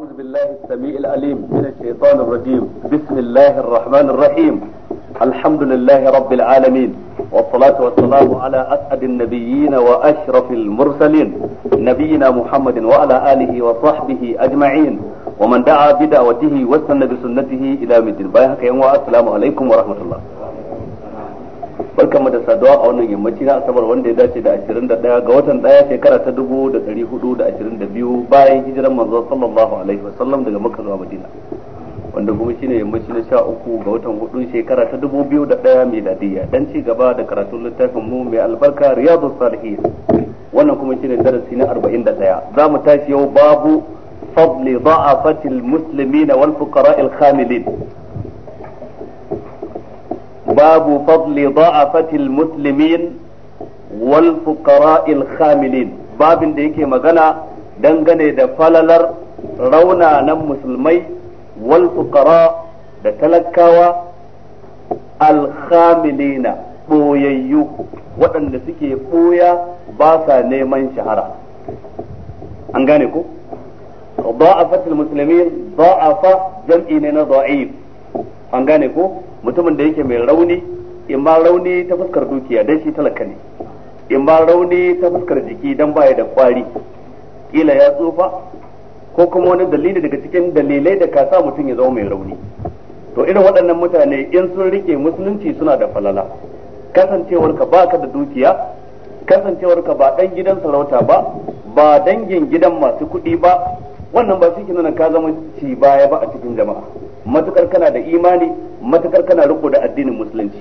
أعوذ بالله السميع العليم من الشيطان الرجيم بسم الله الرحمن الرحيم الحمد لله رب العالمين والصلاة والسلام على أسعد النبيين وأشرف المرسلين نبينا محمد وعلى آله وصحبه أجمعين ومن دعا بدعوته واستنى بسنته إلى مدين بايحك والسلام عليكم ورحمة الله barkanmu da saduwa a wannan yammaci na asabar wanda ya dace da 21 ga watan daya shekara ta 1422 bayan hijiran manzo sallallahu alaihi wasallam daga makka zuwa madina wanda kuma shine yammaci na 13 ga watan hudu shekara ta 2001 miladiyya dan ci gaba da karatun littafin mu mai albarka riyadus salihin wannan kuma shine darasi na 41 zamu tashi yau babu fadli da'afatil muslimina wal fuqara'il khamilin babu fadli da'afatil muslimin wal fuqara'il khamilin babin da yake magana dangane da falalar raunanan musulmai wal fuqara da talakawa al khamilina boyayyu waɗanda suke ɓoya ba sa neman shahara an gane ko ضعفت المسلمين ضعف جمع na ضعيف an gane ko mutumin da yake mai rauni in ma rauni ta fuskar dukiya dan shi talaka ne in ma rauni ta fuskar jiki dan baya da kwari kila ya tsufa ko kuma wani dalili daga cikin dalilai da ka sa mutum ya zama mai rauni to irin waɗannan mutane in sun rike musulunci suna da falala kasancewarka baka da dukiya kasancewarka ba dan gidan sarauta ba ba dangin gidan masu kuɗi ba wannan ba shi nuna ka zama ci baya ba a cikin jama'a matukar kana da imani matukar kana riko da addinin musulunci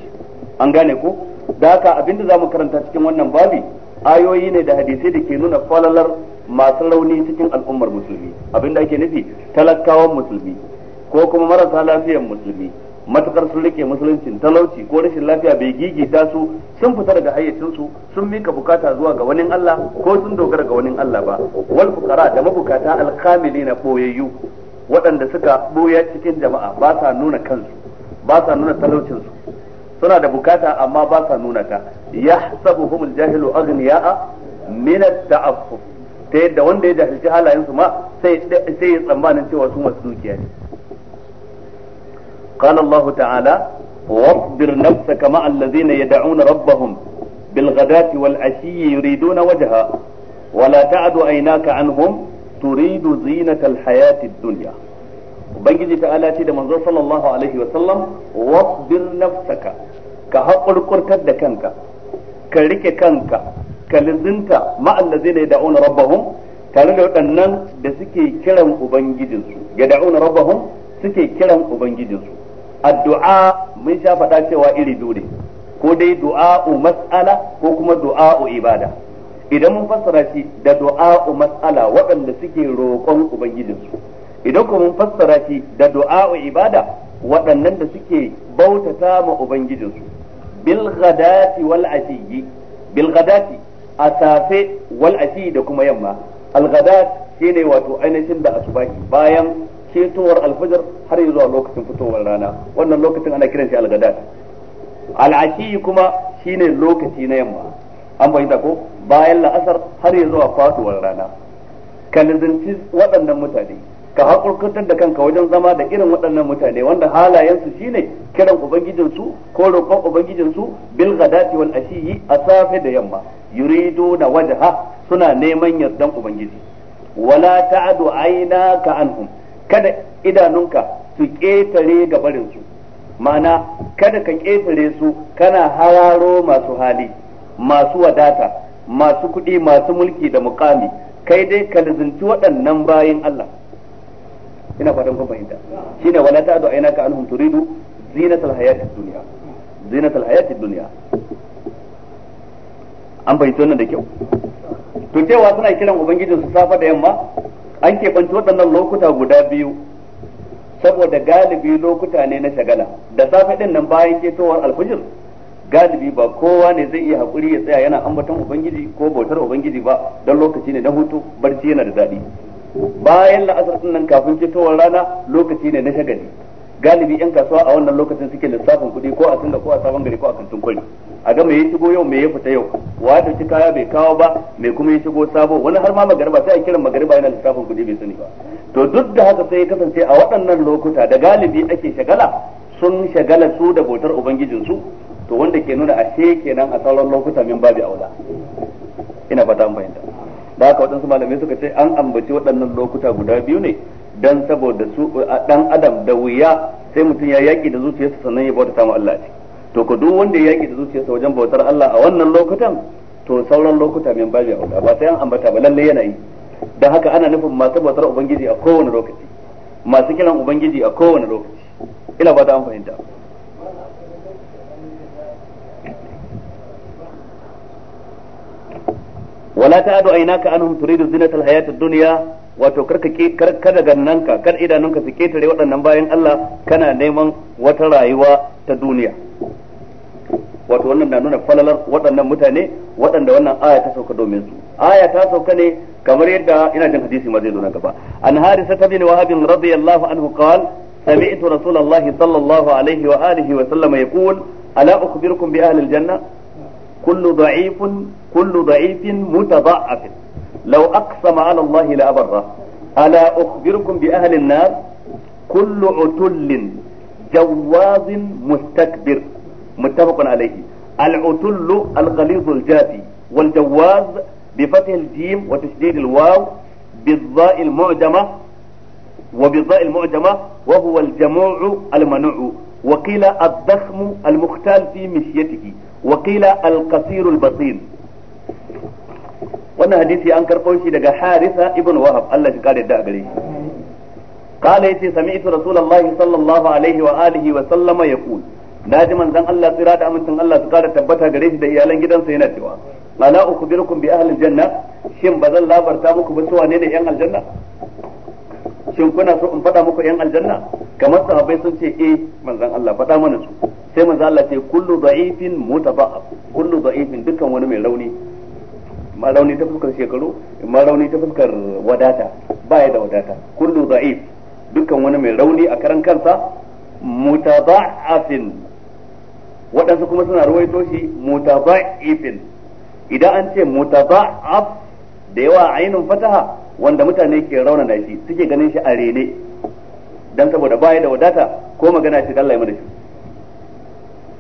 an gane ko da haka abinda zamu karanta cikin wannan babi ayoyi ne da hadisai da ke nuna falalar masu rauni cikin al'ummar musulmi abinda ake nufi talakawan musulmi ko kuma marasa lafiyan musulmi matukar sun rike musuluncin talauci ko rashin lafiya bai gigita su sun fita daga hayyacinsu sun mika bukata zuwa ga wani Allah ko sun dogara ga wani Allah ba wal fuqara da mabukata alkamili na boyayyu waɗanda suka ɓoya cikin jama'a ba sa nuna kansu ba sa nuna talaucinsu suna da bukata amma ba sa nuna ta yahsabuhum aljahilu aghniya'a min at-ta'affuf ta yadda wanda ya jahilci halayensu ma sai sai ya tsammanin cewa su masu dukiya ne qala Allah ta'ala واصبر نفسك مع الذين يدعون ربهم بالغداة والعشي wala وجهه ولا تعد عيناك عنهم turidu zinatal hayatid dunya ubangiji ta ala ce da manzo sallallahu alaihi wa sallam wasbir nafsaka ka haƙurƙurtar da kanka ka rike kanka ka lizinta ma'allazina yad'una rabbahum tare da waɗannan da suke kiran ubangijinsu yad'una rabbahum suke kiran ubangijinsu addu'a mun sha faɗa cewa iri biyu ne ko dai du'a'u mas'ala ko kuma du'a'u ibada idan mun fassara shi da du'a'u mas'ala waɗanda suke roƙon ubangijinsu idan kuma mun fassara shi da du'a'u ibada waɗannan da suke bautata ma ubangijinsu bil ghadati wal ashiyi bil ghadati a safe wal ashiyi da kuma yamma al ghadat shine wato ainihin da asubahi bayan ketowar alfajar har zuwa lokacin fitowar rana wannan lokacin ana kiran shi al ghadat al ashiyi kuma shine lokaci na yamma an bayyana ko bayan la'asar har ya zuwa faduwar rana ka nazarci waɗannan mutane ka haƙurƙantar da kanka wajen zama da irin waɗannan mutane wanda halayensu shine kiran ubangijinsu ko roƙon ubangijinsu bil ghadati wal ashiyi a safe da yamma yuridu na wajaha suna neman yardan ubangiji wala ta'adu aina ka anhum kada idanunka su ƙetare ga barinsu ma'ana kada ka ƙetare su kana hararo masu hali masu wadata masu kuɗi masu mulki da mukami kai dai ka lizinci waɗannan bayin Allah ina fatan kun fahimta shine wala ta'du aynaka anhum turidu zinatal hayati dunya zinatal hayati dunya an fahimci nan da kyau to cewa suna kiran ubangijin su safa da yamma an banci waɗannan lokuta guda biyu saboda galibi lokuta ne na shagala da safe din nan bayan ketowar alfijir galibi ba kowa ne zai iya hakuri ya tsaya yana ambaton ubangiji ko bautar ubangiji ba don lokaci ne na hutu barci yana da daɗi bayan la'asar din nan kafin fitowar rana lokaci ne na shagali galibi yan kasuwa a wannan lokacin suke lissafin kuɗi ko a tunda ko a sabon gari ko a kantin kwari a ga me ya shigo yau me ya fita yau wa ya ci kaya bai kawo ba me kuma ya shigo sabo wani har ma magariba sai a kiran magariba yana lissafin kuɗi bai sani ba to duk da haka sai ya kasance a waɗannan lokuta da galibi ake shagala sun shagala su da bautar ubangijinsu to wanda ke nuna ashe kenan a sauran lokuta min babu aula ina fata an fahimta da haka wadansu malamai suka ce an ambaci waɗannan lokuta guda biyu ne dan saboda su dan adam da wuya sai mutum ya yaki da zuciyarsa sannan ya bauta ma Allah ce to ko duk wanda ya yaki da zuciyarsa wajen bautar Allah a wannan lokutan to sauran lokuta min babu aula ba sai an ambata ba lalle yana yi dan haka ana nufin masu bautar ubangiji a kowane lokaci masu kiran ubangiji a kowane lokaci ina fata an fahimta wala ta'adu aynaka anhum turidu zinatal hayatid dunya wato kar ka kada gannanka kar idanunka su ketare waɗannan bayan Allah kana neman wata rayuwa ta duniya wato wannan na nuna falalar waɗannan mutane waɗanda wannan aya ta sauka domin su aya ta sauka ne kamar yadda ina jin hadisi ma zai zo nan gaba an harisa ta bin wahab radiyallahu anhu qala sami'tu rasulullahi sallallahu alaihi wa alihi wa sallama yaqul ala ukhbirukum bi ahli aljanna كل ضعيف كل ضعيف متضعف لو أقسم على الله لأبره ألا أخبركم بأهل النار كل عتل جواز مستكبر متفق عليه العتل الغليظ الجافي والجواز بفتح الجيم وتشديد الواو بالضاء المعجمة وبالضاء المعجمة وهو الجموع المنوع وقيل الضخم المختال في مشيته wakila al basir basil wannan hadisi an karɓo shi daga harisa ibn wahab Allah shi kare da gare shi قال يتي سمعت رسول الله صلى الله عليه وآله وسلم يقول naji manzon Allah tsira da amincin Allah su kara tabbata gare shi da iyalan gidansa yana cewa ala ukhbirukum bi ahli janna shin ba zan labarta muku ba su wane da yan aljanna shin kuna so in faɗa muku yan aljanna kamar sahabbai sun ce eh manzan Allah faɗa mana su sai manzan Allah ce kullu da'ifin mutaba'a kullu da'ifin dukkan wani mai rauni ma rauni ta fuskar shekaru ma rauni ta fuskar wadata baya da wadata kullu da'if dukkan wani mai rauni a karan kansa mutaba'afin waɗansu kuma suna ruwaito shi mutaba'ifin idan an ce mutaba'af da yawa ainihin fataha wanda mutane ke raunana shi suke ganin shi a rene don saboda baya da wadata ko magana shi Allah ya shi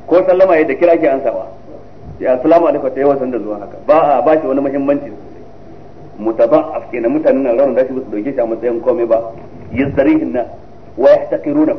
ko sallama yadda kira ke ansawa ya assalamu alaikum ta yawa san da zuwa haka ba a ba shi wani muhimmanci mutaba'af kenan mutanen nan raunana shi ba su dauke shi a matsayin komai ba yastarihin na wa yahtaqiruna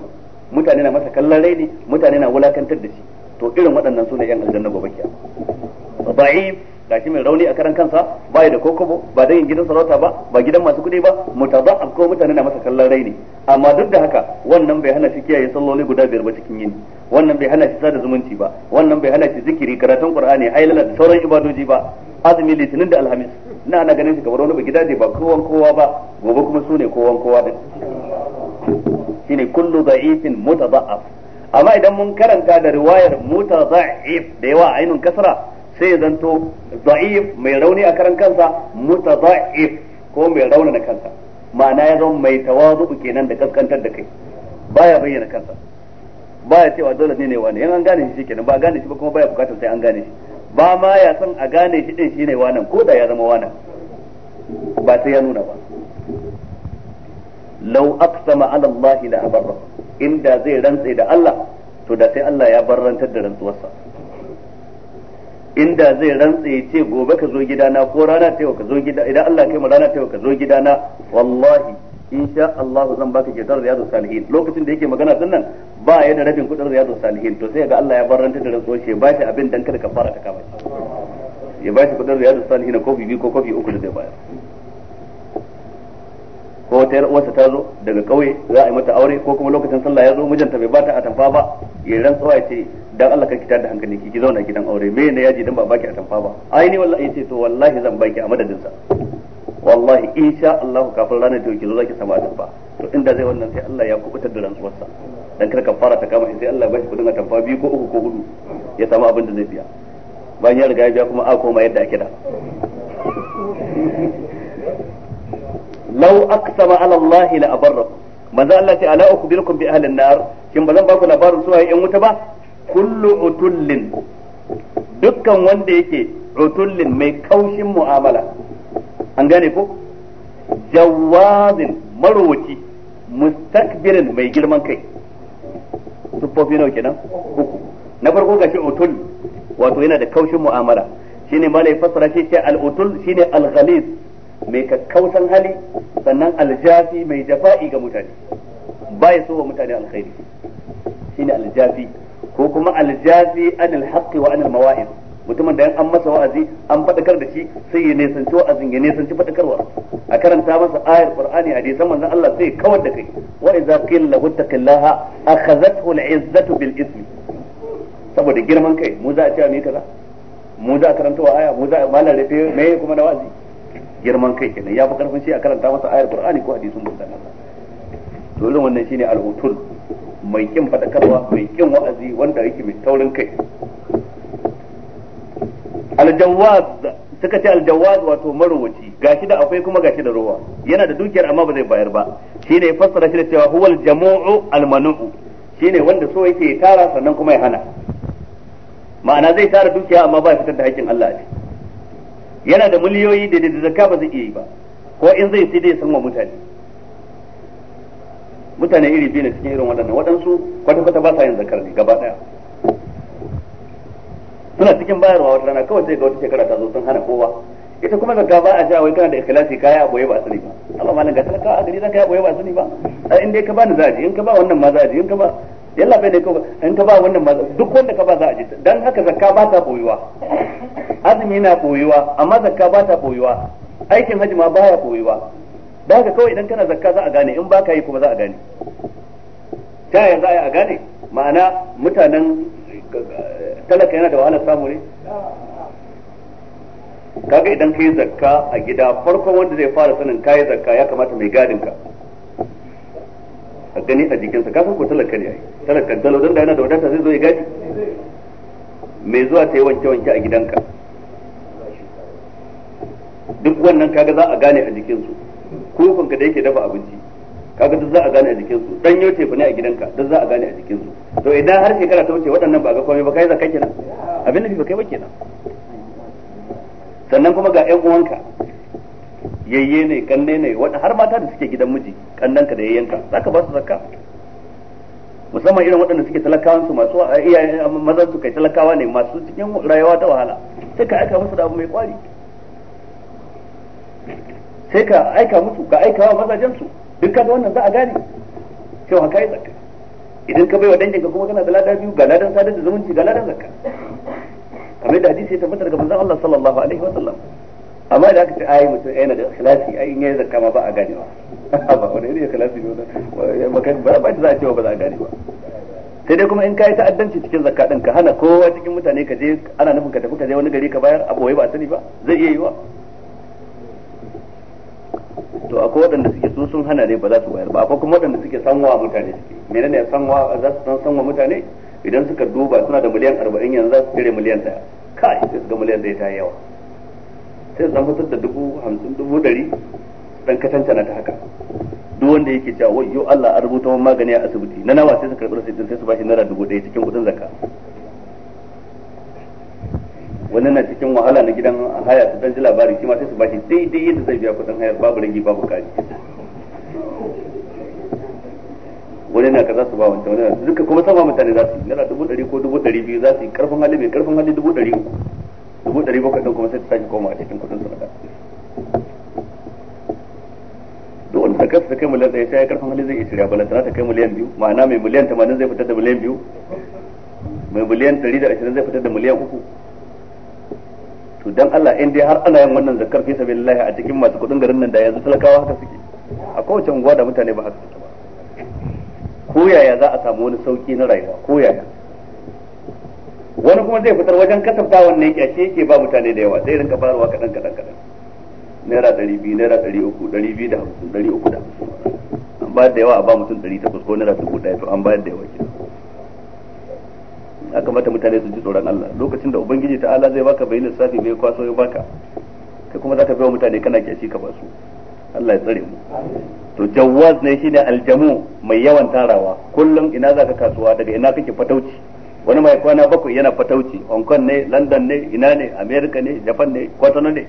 mutane na masa kallon raini mutane na wulakantar da shi to irin waɗannan suna yan aljanna gobe kiyama da'if gashi mai rauni a karan kansa ba da kokobo ba dangin gidan sarauta ba ba gidan masu kuɗi ba mutadha'af ko mutane na masa kallon raini amma duk da haka wannan bai hana shi kiyaye salloli guda biyar ba cikin yini wannan bai hana shi sada zumunci ba wannan bai hana shi zikiri karatun qur'ani ailala da sauran ibadoji ba azumi litinin da alhamis ina ana ganin shi kamar wani ba gidaje ba kowan kowa ba gobe kuma sune kowan kowa din shine kullu da'ifin mutadha'af amma idan mun karanta da riwayar mutaza'if da yawa ainun kasra sai zanto za'if mai rauni a karan kansa zaif ko mai rauni na kansa ma'ana ya zama mai tawazu kenan da kaskantar da kai baya bayyana kansa baya cewa dole ne ne wani yan an gane shi kenan ba gane shi ba kuma baya bukatar sai an gane shi ba ma ya san a gane shi din shine wannan ko da ya zama wannan ba sai ya nuna ba law aqsama ala Allah la abarra inda zai rantsa da Allah to da sai Allah ya barrantar da rantsuwarsa inda zai rantsa ya ce gobe ka zo gidana ko rana ta yau ka zo gida idan Allah kai mu rana ta yau ka zo gidana wallahi insha Allah zan baka kyautar riyadu salihin lokacin da yake magana din nan ba ya da rabin kudin riyadu salihin to sai ga Allah ya barranta da rantsuwa shi ba shi abin dan kada ka fara ta kama ya ba shi kudin riyadu salihin ko bibi ko kofi uku da zai bayar ko wata yar uwarsa ta zo daga kauye za a yi mata aure ko kuma lokacin sallah ya zo mijinta bai bata a tamfa ba ya rantsuwa ya ce dan Allah ka kitar da hankali ki zauna gidan aure me ne yaji dan ba baki a tamfa ba ai ni wallahi yace to wallahi zan baki a madadin sa wallahi insha Allah kafin ranar da ki zo zaki samu atamfa to inda zai wannan sai Allah ya kubutar da rantsuwarsa dan kar fara ta kama sai Allah ya bashi kudin tamfa biyu ko uku ko hudu ya samu abin da zai biya bayan ya riga ya biya kuma a koma yadda ake da law aqsama ala Allah la abarrakum manzo Allah ce ala ukhbirukum bi ahli an-nar kin bazan ba ku labarin su yan wuta ba kullu utullin dukkan wanda yake utullin mai kaushin mu'amala an gane ko jawazin marowaci mustakbirin mai girman kai siffofi nawa kenan na farko gashi utul wato yana da kaushin mu'amala shine malai fassara shi ce al utul shine al ghalis mai kakkausan hali sannan aljafi mai jafa'i ga mutane ba ya so wa mutane alkhairi shine aljafi ko kuma aljafi an haqqi wa an almawa'id mutumin da an masa wa'azi an fadakar da shi sai ya nisanci wa'azin ya nisanci fadakarwa a karanta masa ayar qur'ani hadisan manzon Allah sai kawar da kai wa idza qila wattaqillaha akhadhathu al'izzatu bil ismi saboda girman kai mu za a ce mai kaza mu za a karanta wa aya mu za a malare me kuma na wa'azi girman kai kenan ya fi karfin shi a karanta masa ayar qur'ani ko hadisin manzon Allah to irin wannan shine al-utul mai kin fadakarwa mai kin wa'azi wanda yake mai taurin kai aljawaz suka ce aljawaz wato marowaci gashi da akwai kuma gashi da rowa yana da dukiyar amma ba zai bayar ba shine ya fassara shi da cewa huwal jamu'u almanu'u shine wanda so yake tara sannan kuma ya hana ma'ana zai tara dukiya amma ba ya fitar da haƙƙin Allah ne yana da miliyoyi da da zakka ba zai iya yi ba ko in zai sai dai san wa mutane mutane iri biyu ne cikin irin waɗannan waɗansu kwata-kwata ba sa yin zakar ne gaba ɗaya suna cikin bayarwa wata rana kawai sai ga wata shekara ta zo sun hana kowa ita kuma zakka ba a ja kana da ikhlasi kai a boye ba sani ba amma malam ga talaka a gari zaka ya boye ba sani ba in dai ka bani ni zaji in ka ba wannan ma zaji in ka ba yalla bai dai in ka ba wannan ma duk wanda ka ba za a ji dan haka zakka ba ta boyewa azumi na boyewa amma zakka ba ta boyewa aikin haji ma baya boyewa da haka kawai idan kana zakka za a gane in baka yi kuma za a gane ta yanzu ai a gane ma'ana mutanen eh, talaka yana da wahalar samu ne kaga idan kai zakka a gida farkon wanda zai fara sanin kai zakka ya kamata mai gadin ka a gani a jikinsa kafin ko talaka ne ai talaka dalo dan da yana da wadata zai zo ya gadi mai zuwa ta yi wanke wanke a gidanka duk wannan kaga za a gane a jikinsu kofin ka da yake dafa abinci kaga duk za a gane a jikinsu dan yau tefa ne a gidanka duk za a gane a jikinsu to idan har shekara ta wuce waɗannan ba ga komai ba kai zakka kenan abin da ba kai ba kenan sannan kuma ga ƴan uwanka yayye ne kanne ne wanda har mata da suke gidan miji kannanka da yayyanka zaka ba su zakka musamman irin waɗanda suke talakawan su masu eh, iyayen eh, mazan su kai talakawa ne masu cikin rayuwa ta wahala sai ka aika musu da abu mai kwari sai ka aika musu ka aika wa mazajen su duk kaga wannan za a gane cewa kai zakka idan ka bai wa danginka kuma kana da ladan biyu ga ladan sadar da zumunci ga ladan zakka kamar da hadisi ya tabbata daga manzon Allah sallallahu alaihi wa sallam amma da aka ce ai mutum yana da ikhlasi ai in yayi zakka ma ba a gane ba ba wani ne ikhlasi ne makan ba ba za a ce ba za a gane ba sai dai kuma in kai ta'addanci cikin zakka din ka hana kowa cikin mutane ka je ana nufin ka tafi ka je wani gari ka bayar a boye ba sani ba zai iya yiwa to akwai waɗanda suke su sun hana ne ba za su bayar ba akwai kuma waɗanda suke sanwa mutane suke menene sanwa za su san sanwa mutane idan suka duba suna da miliyan arba'in yanzu za su cire miliyan ɗaya kai sai su ga miliyan ɗaya ta yi yawa sai su zama da dubu hamsin dubu ɗari dan katanta na ta haka duk wanda yake cewa wai yo Allah an rubuta wani magani a asibiti na nawa sai su karɓi rasidin sai su bashi naira dubu ɗaya cikin kuɗin zakka wannan na cikin wahala na gidan haya su dan ji labari shi ma sai su bashi daidai yadda zai biya kuɗin haya babu rage babu kari wani na kaza su ba wancan wani na duka kuma sama mutane za su yi naira dubu ɗari ko dubu ɗari biyu za su yi karfin hali mai karfin hali dubu ɗari uku dubu ɗari bakwai ɗin kuma sai ta sake koma a cikin kudin sanada duk wani sakar ta kai miliyan ɗaya sai karfin hali zai iya shirya tana ta kai miliyan biyu ma'ana mai miliyan tamanin zai fitar da miliyan biyu mai miliyan ɗari da ashirin zai fitar da miliyan uku to dan Allah in dai har ana yin wannan zakar fi sabilillah a cikin masu kudin garin nan da yanzu talakawa haka suke a kowace unguwa da mutane ba haka suke ko yaya za a samu wani sauki na rayuwa ko yaya wani kuma zai fitar wajen kasafta wannan kyashi yake ba mutane da yawa zai rinka farawa kadan kadan kadan naira ɗari biyu naira ɗari uku ɗari biyu da hamsin ɗari uku da hamsin an bayar da yawa a ba mutum ɗari takwas ko naira dubu ɗaya to an bayar da yawa ke ya kamata mutane su ji tsoron Allah lokacin da ubangiji ta'ala zai baka bai lissafi bai kwaso ya baka kai kuma zaka bai wa mutane kana kyashi ka ba su Allah ya tsare mu to jawaz ne shine aljamu mai yawan tarawa kullum ina za ka kasuwa daga ina kake fatauci wani mai kwana bakwai yana fatauci Hong Kong ne London ne ina ne America ne Japan ne Kwatano ne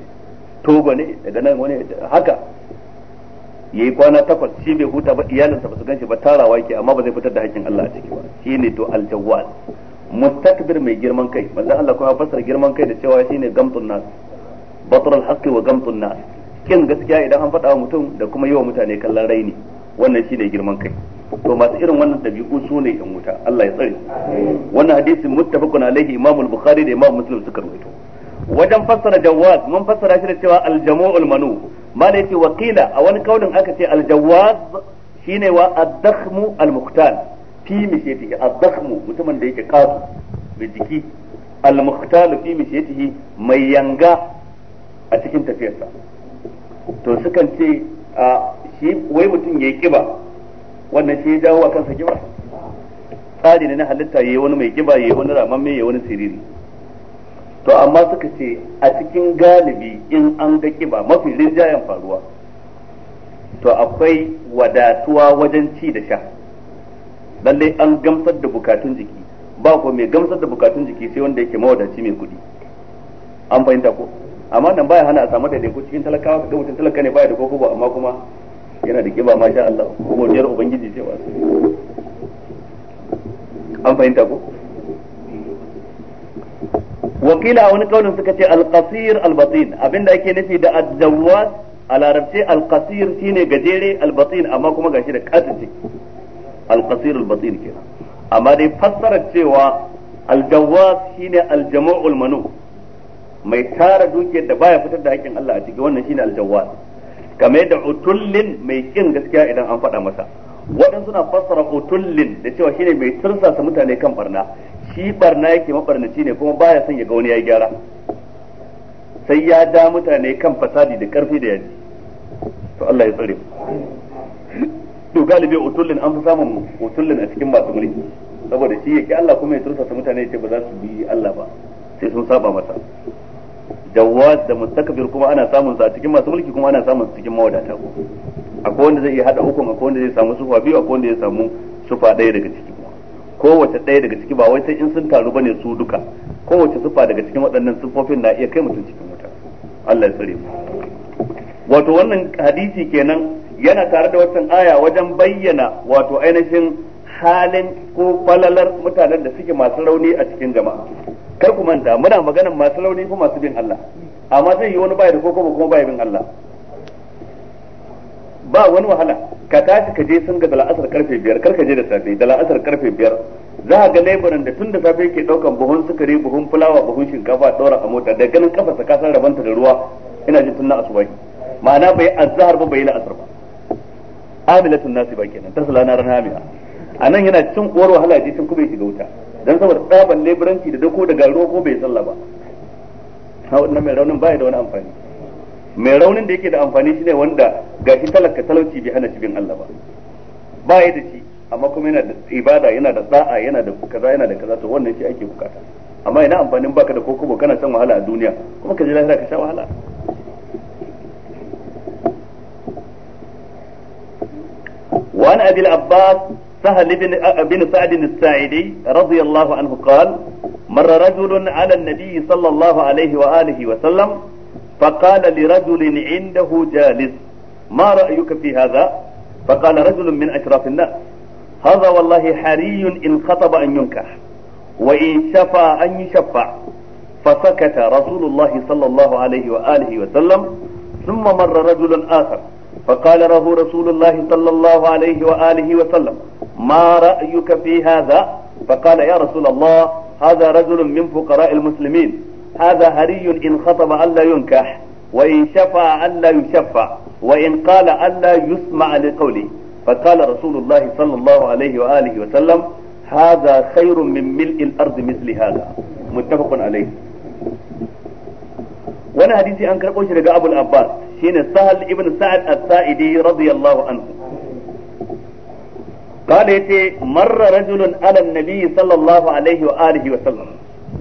Togo ne daga nan wani haka yi kwana takwas shi bai huta ba iyalinsa ba su ganshi ba tarawa yake amma ba zai fitar da hakkin Allah a ciki ba ne to aljawal mustakbir mai girman kai manzo Allah kuma fasar girman kai da cewa ne gamtun nas batrul haqqi wa gamtun nas kin gaskiya idan an faɗa wa mutum da kuma yi wa mutane kallon raini wannan shine girman kai to masu irin wannan dabi'u su ne in wuta Allah ya tsare wannan hadisi muttafaqun alaihi Imam al-Bukhari da Imam Muslim suka rawaito wajen fassara jawaz mun fassara shi da cewa al-jamu'ul manu ma waqila a wani kaulin aka ce al-jawaz shine wa ad-dakhmu al-muqtal fi mishatihi ad-dakhmu mutumin da yake kafu da jiki al-muqtal fi mishatihi mai yanga a cikin tafiyarsa to sukan ce a shi wai mutum ya yi kiba wannan shi ya jawo a kansa kiba tsari ne na halitta ya yi wani mai kiba yi wani ramamme yi wani siriri to amma suka ce a cikin galibi in an ga kiba mafi rinjayen faruwa to akwai wadatuwa wajen ci da sha lallai an gamsar da bukatun jiki ba ko mai gamsar da bukatun jiki sai wanda yake mawadaci mai kuɗi an fahimta ko amma nan baya hana a samu daidaiku cikin talakawa ga mutum talaka ne baya da koko ba amma kuma yana da kiba masha Allah kuma jiyar ubangiji ce ba an fahimta ko wakila a wani kaunin suka ce alqasir albatin abinda ake nufi da adjawaz a larabce alqasir shine gajere albatin amma kuma gashi da katsi alqasir albatin kenan amma dai fassara cewa aljawaz shine aljamu'ul manu mai tara dukiyar da baya fitar da hakkin Allah a ciki wannan shine aljawwal kame da utullin mai kin gaskiya idan an faɗa masa waɗansu suna fassara utullin da cewa shine mai tursasa mutane kan barna shi barna yake mabarnaci ne kuma baya son ya ga wani ya gyara sai ya da mutane kan fasadi da karfi da yaji to Allah ya tsare to galibi utullin an fi samun utullin a cikin masu mulki saboda shi yake Allah kuma ya tursasa mutane ya ce ba za su bi Allah ba sai sun saba masa jawaz da mustakbir kuma ana samun sa cikin masu mulki kuma ana samun su cikin mawadata akwai wanda zai iya hada hukun akwai wanda zai samu sufa biyu akwai wanda zai samu sufa daya daga ciki kowace daya daga ciki ba wai sai in sun taru bane su duka kowace sufa daga cikin waɗannan sufofin na iya kai mutum cikin wuta Allah ya tsare mu wato wannan hadisi kenan yana tare da wannan aya wajen bayyana wato ainihin halin ko falalar mutanen da suke masu rauni a cikin jama'a kar ku manta muna maganan masu launi ko masu bin Allah amma zai yi wani baya da ko kuma baya bin Allah ba wani wahala ka tashi ka je sun ga la'asar karfe biyar kar ka je da safe da la'asar karfe biyar za a ga laifin da tun da safe ke daukan buhun sukari buhun fulawa buhun shinkafa daura a mota da ganin kafa sa kasar rabanta da ruwa ina jin tun na asubahi ma'ana bai azhar ba bai la'asar ba amilatun nasi ba kenan tasla na ranamiya anan yana cin uwar wahala je cin kuma ya shiga wuta dan saboda tsaban leburanci da dako da garo ko bai sallah ba ha wannan mai raunin baya da wani amfani mai raunin da yake da amfani shine wanda shi talaka talauci bai hana shi bin Allah ba baya da shi amma kuma yana da ibada yana da sa'a yana da kaza yana da kaza to wannan shi ake bukata amma ina amfanin baka da kokobo kana san wahala a duniya kuma ka ji lafiya ka sha wahala وعن ابي العباس سهل بن بن سعد الساعدي رضي الله عنه قال مر رجل على النبي صلى الله عليه وآله وسلم فقال لرجل عنده جالس ما رأيك في هذا فقال رجل من أشراف الناس هذا والله حري إن خطب أن ينكح وإن شفى أن يشفع فسكت رسول الله صلى الله عليه وآله وسلم ثم مر رجل آخر فقال له رسول الله صلى الله عليه وآله وسلم ما رأيك في هذا فقال يا رسول الله هذا رجل من فقراء المسلمين هذا هري إن خطب ألا ينكح وإن شفع ألا يشفع وإن قال ألا يسمع لقوله فقال رسول الله صلى الله عليه وآله وسلم هذا خير من ملء الأرض مثل هذا متفق عليه وانا حديثي أنكر قوش رجاء أبو الأباس shine sahal ibn sa'ad as-sa'idi radiyallahu anhu kada yace marra rajulun ala nabi sallallahu alaihi wa alihi wa sallam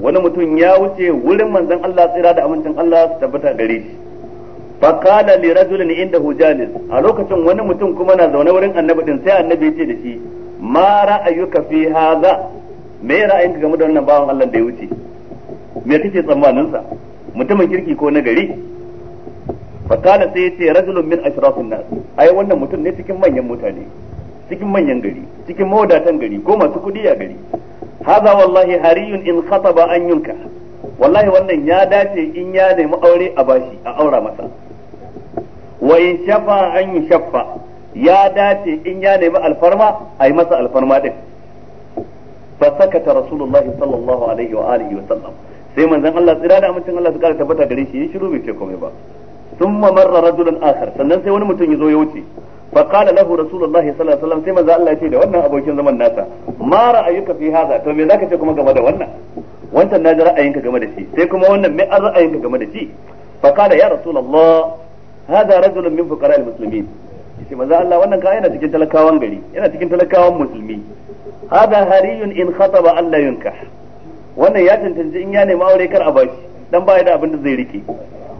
wani mutum ya wuce wurin manzon Allah tsira da amincin Allah su tabbata gare shi fa qala li rajulin indahu jalis a lokacin wani mutum kuma na zaune wurin annabi din sai annabi ya ce da shi ma ra'ayuka fi hadha me ra'ayinka game da wannan bawan Allah da ya wuce me kake tsammanin sa mutumin kirki ko na gari fakala sai yace rajulun min ashrafin nas ai wannan mutum ne cikin manyan mutane cikin manyan gari cikin mawadatan gari ko masu kudi a gari hadha wallahi hariyun in khataba an yunka wallahi wannan ya dace in ya nemi aure a bashi a aura masa wa in shafa an shaffa ya dace in ya nemi alfarma a yi masa alfarma din fa sakata rasulullahi sallallahu alaihi wa alihi wa sallam sai manzon Allah tsira da amincin Allah su kara tabbata gare shi ya shiru bai ce komai ba thumma marra rajulun akhar sannan sai wani mutum ya zo ya wuce fa qala lahu rasulullah sallallahu alaihi wasallam sai manzo Allah ya ce da wannan abokin zaman nasa ma ra'ayuka fi hadha to me zaka ce kuma game da wannan wancan naji ra'ayinka game da shi sai kuma wannan me an ra'ayinka game da shi fa qala ya rasulullah hadha rajulun min fuqara al-muslimin yace manzo Allah wannan kaya yana cikin talakawan gari yana cikin talakawan musulmi hada hariyun in khataba Allah yunkah wannan ya cancanci in ya nemi aure kar a bashi dan baya da abin da zai rike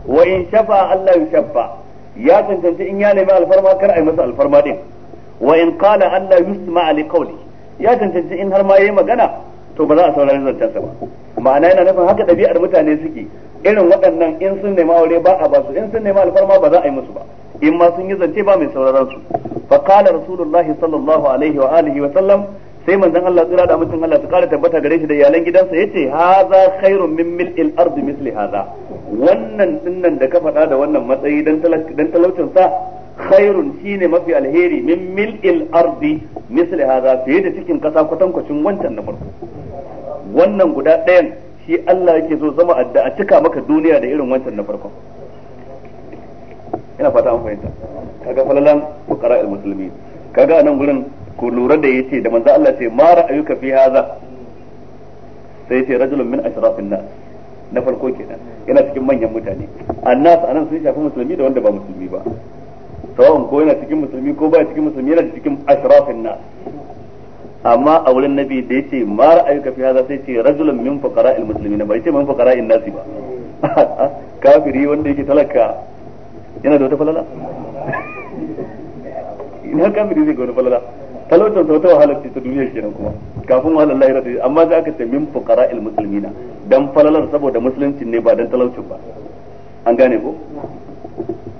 wa in shafa Allah shafa ya cancanci in ya nemi alfarma kar ai masa alfarma din wa in qala Allah yusma li qawli ya cancanci in har ma yayi magana to ba za a saurari zancen sa ba ma'ana yana nufin haka dabi'ar mutane suke irin waɗannan in sun nemi aure ba a basu in sun nemi alfarma ba za a yi musu ba in ma sun yi zance ba mai sauraron su fa qala rasulullahi sallallahu alaihi wa alihi wa sallam sai manzon Allah tsira da mutun Allah su kara tabbata gare shi da iyalan gidansa yace haza khairun min mil'il ard misli haza wannan dinnan da ka faɗa da wannan matsayi dan dan talaucin sa khairun shine mafi alheri min mil'il ard misli haza fiye da cikin kasa kwatankwacin wancan na farko wannan guda ɗayan shi Allah yake so zama adda a cika maka duniya da irin wancan na farko ina fata an fahimta kaga falalan fuqara al-muslimin kaga nan gurin ku lura da yace da manzo Allah ce ma ra'ayuka fi haza sai ce rajulun min ashrafin nas na farko kenan yana cikin manyan mutane annas anan sun shafi musulmi da wanda ba musulmi ba sawan ko yana cikin musulmi ko ba cikin musulmi yana cikin ashrafin nas amma a wurin nabi da yace ma ra'ayuka fi haza sai ce rajulun min fuqara'il muslimina ba yace min fuqara'in nasi ba kafiri wanda yake talaka yana da wata falala ina kafiri zai ga wani falala talautan sau ta wahalar ta duniya kenan kuma kafin wahalar lahira ta amma za ka ce min fuqara il muslimina dan falalar saboda musulunci ne ba dan talaucin ba an gane ko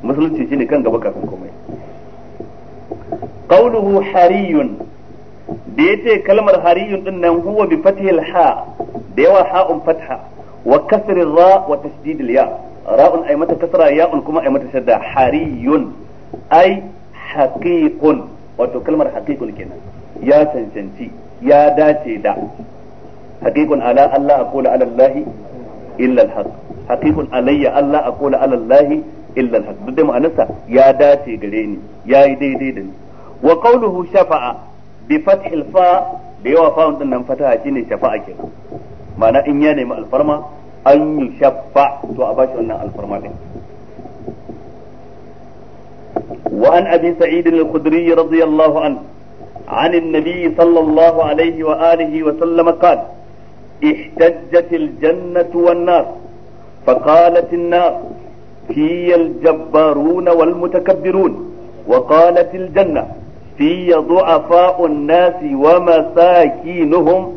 musulunci shine kan gaba kafin komai qawluhu hariyun da yace kalmar hariyun din nan huwa bi fathil ha da yawa ha'un fatha wa kasri ra wa tasdid al ya ra'un ay mata kasra ya'un kuma ay mata shadda hariyun ay haqiqun wato kalmar haqiqul kenan ya cancanci ya dace da haqiqun ala Allah aqula ala Allah illa al-haq haqiqun alayya Allah aqula ala Allah illa al-haq duk da ma'anarsa ya dace gare ni yayi daidai da ni wa qawluhu shafa'a bi fathil fa da yawa fa'un din nan fataha shine shafa'a kenan ma'ana in ya nemi alfarma an yushaffa to a bashi wannan alfarma din وعن أبي سعيد الخدري رضي الله عنه عن النبي صلى الله عليه وآله وسلم قال احتجت الجنة والنار فقالت النار في الجبارون والمتكبرون وقالت الجنة في ضعفاء الناس ومساكينهم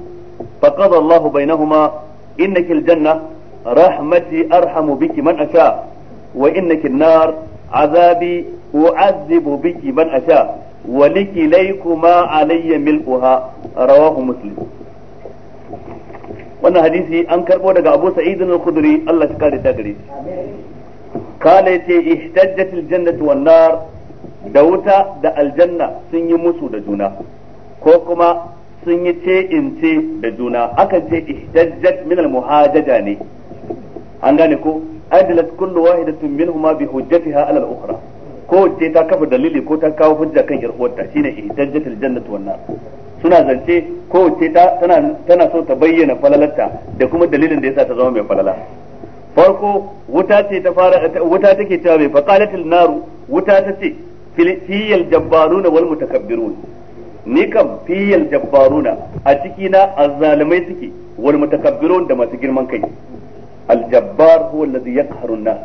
فقضى الله بينهما إنك الجنة رحمتي أرحم بك من أشاء وإنك النار azabi u'azzibu bihi man asha wa likilaykuma alayya milquha rawahu muslim wannan hadisi an karbo daga Abu Sa'id al-Khudri Allah ya kare ta gare shi kale yace ihtajjat al-jannatu wan nar da wuta da aljanna sun yi musu da juna ko kuma sun yi ce in ce da juna akan ce ihtajjat min al-muhajaja ne an gane ko adalat kullu wahidatin minhuma bi hujjatiha ala al-ukhra ko ce ta kafa dalili ko ta kawo hujja kan irhuwarta shine ihtajjatul jannatu wan suna zance ko ce ta tana tana so ta bayyana falalarta da kuma dalilin da yasa ta zama mai falala farko wuta ce ta fara wuta take cewa bai faqalatil naru wuta ta ce fiyal jabbaruna wal mutakabbirun ni kam fiyal jabbaruna a ciki na azzalimai suke wal mutakabbirun da masu girman kai aljabbar huwa alladhi yaqharu an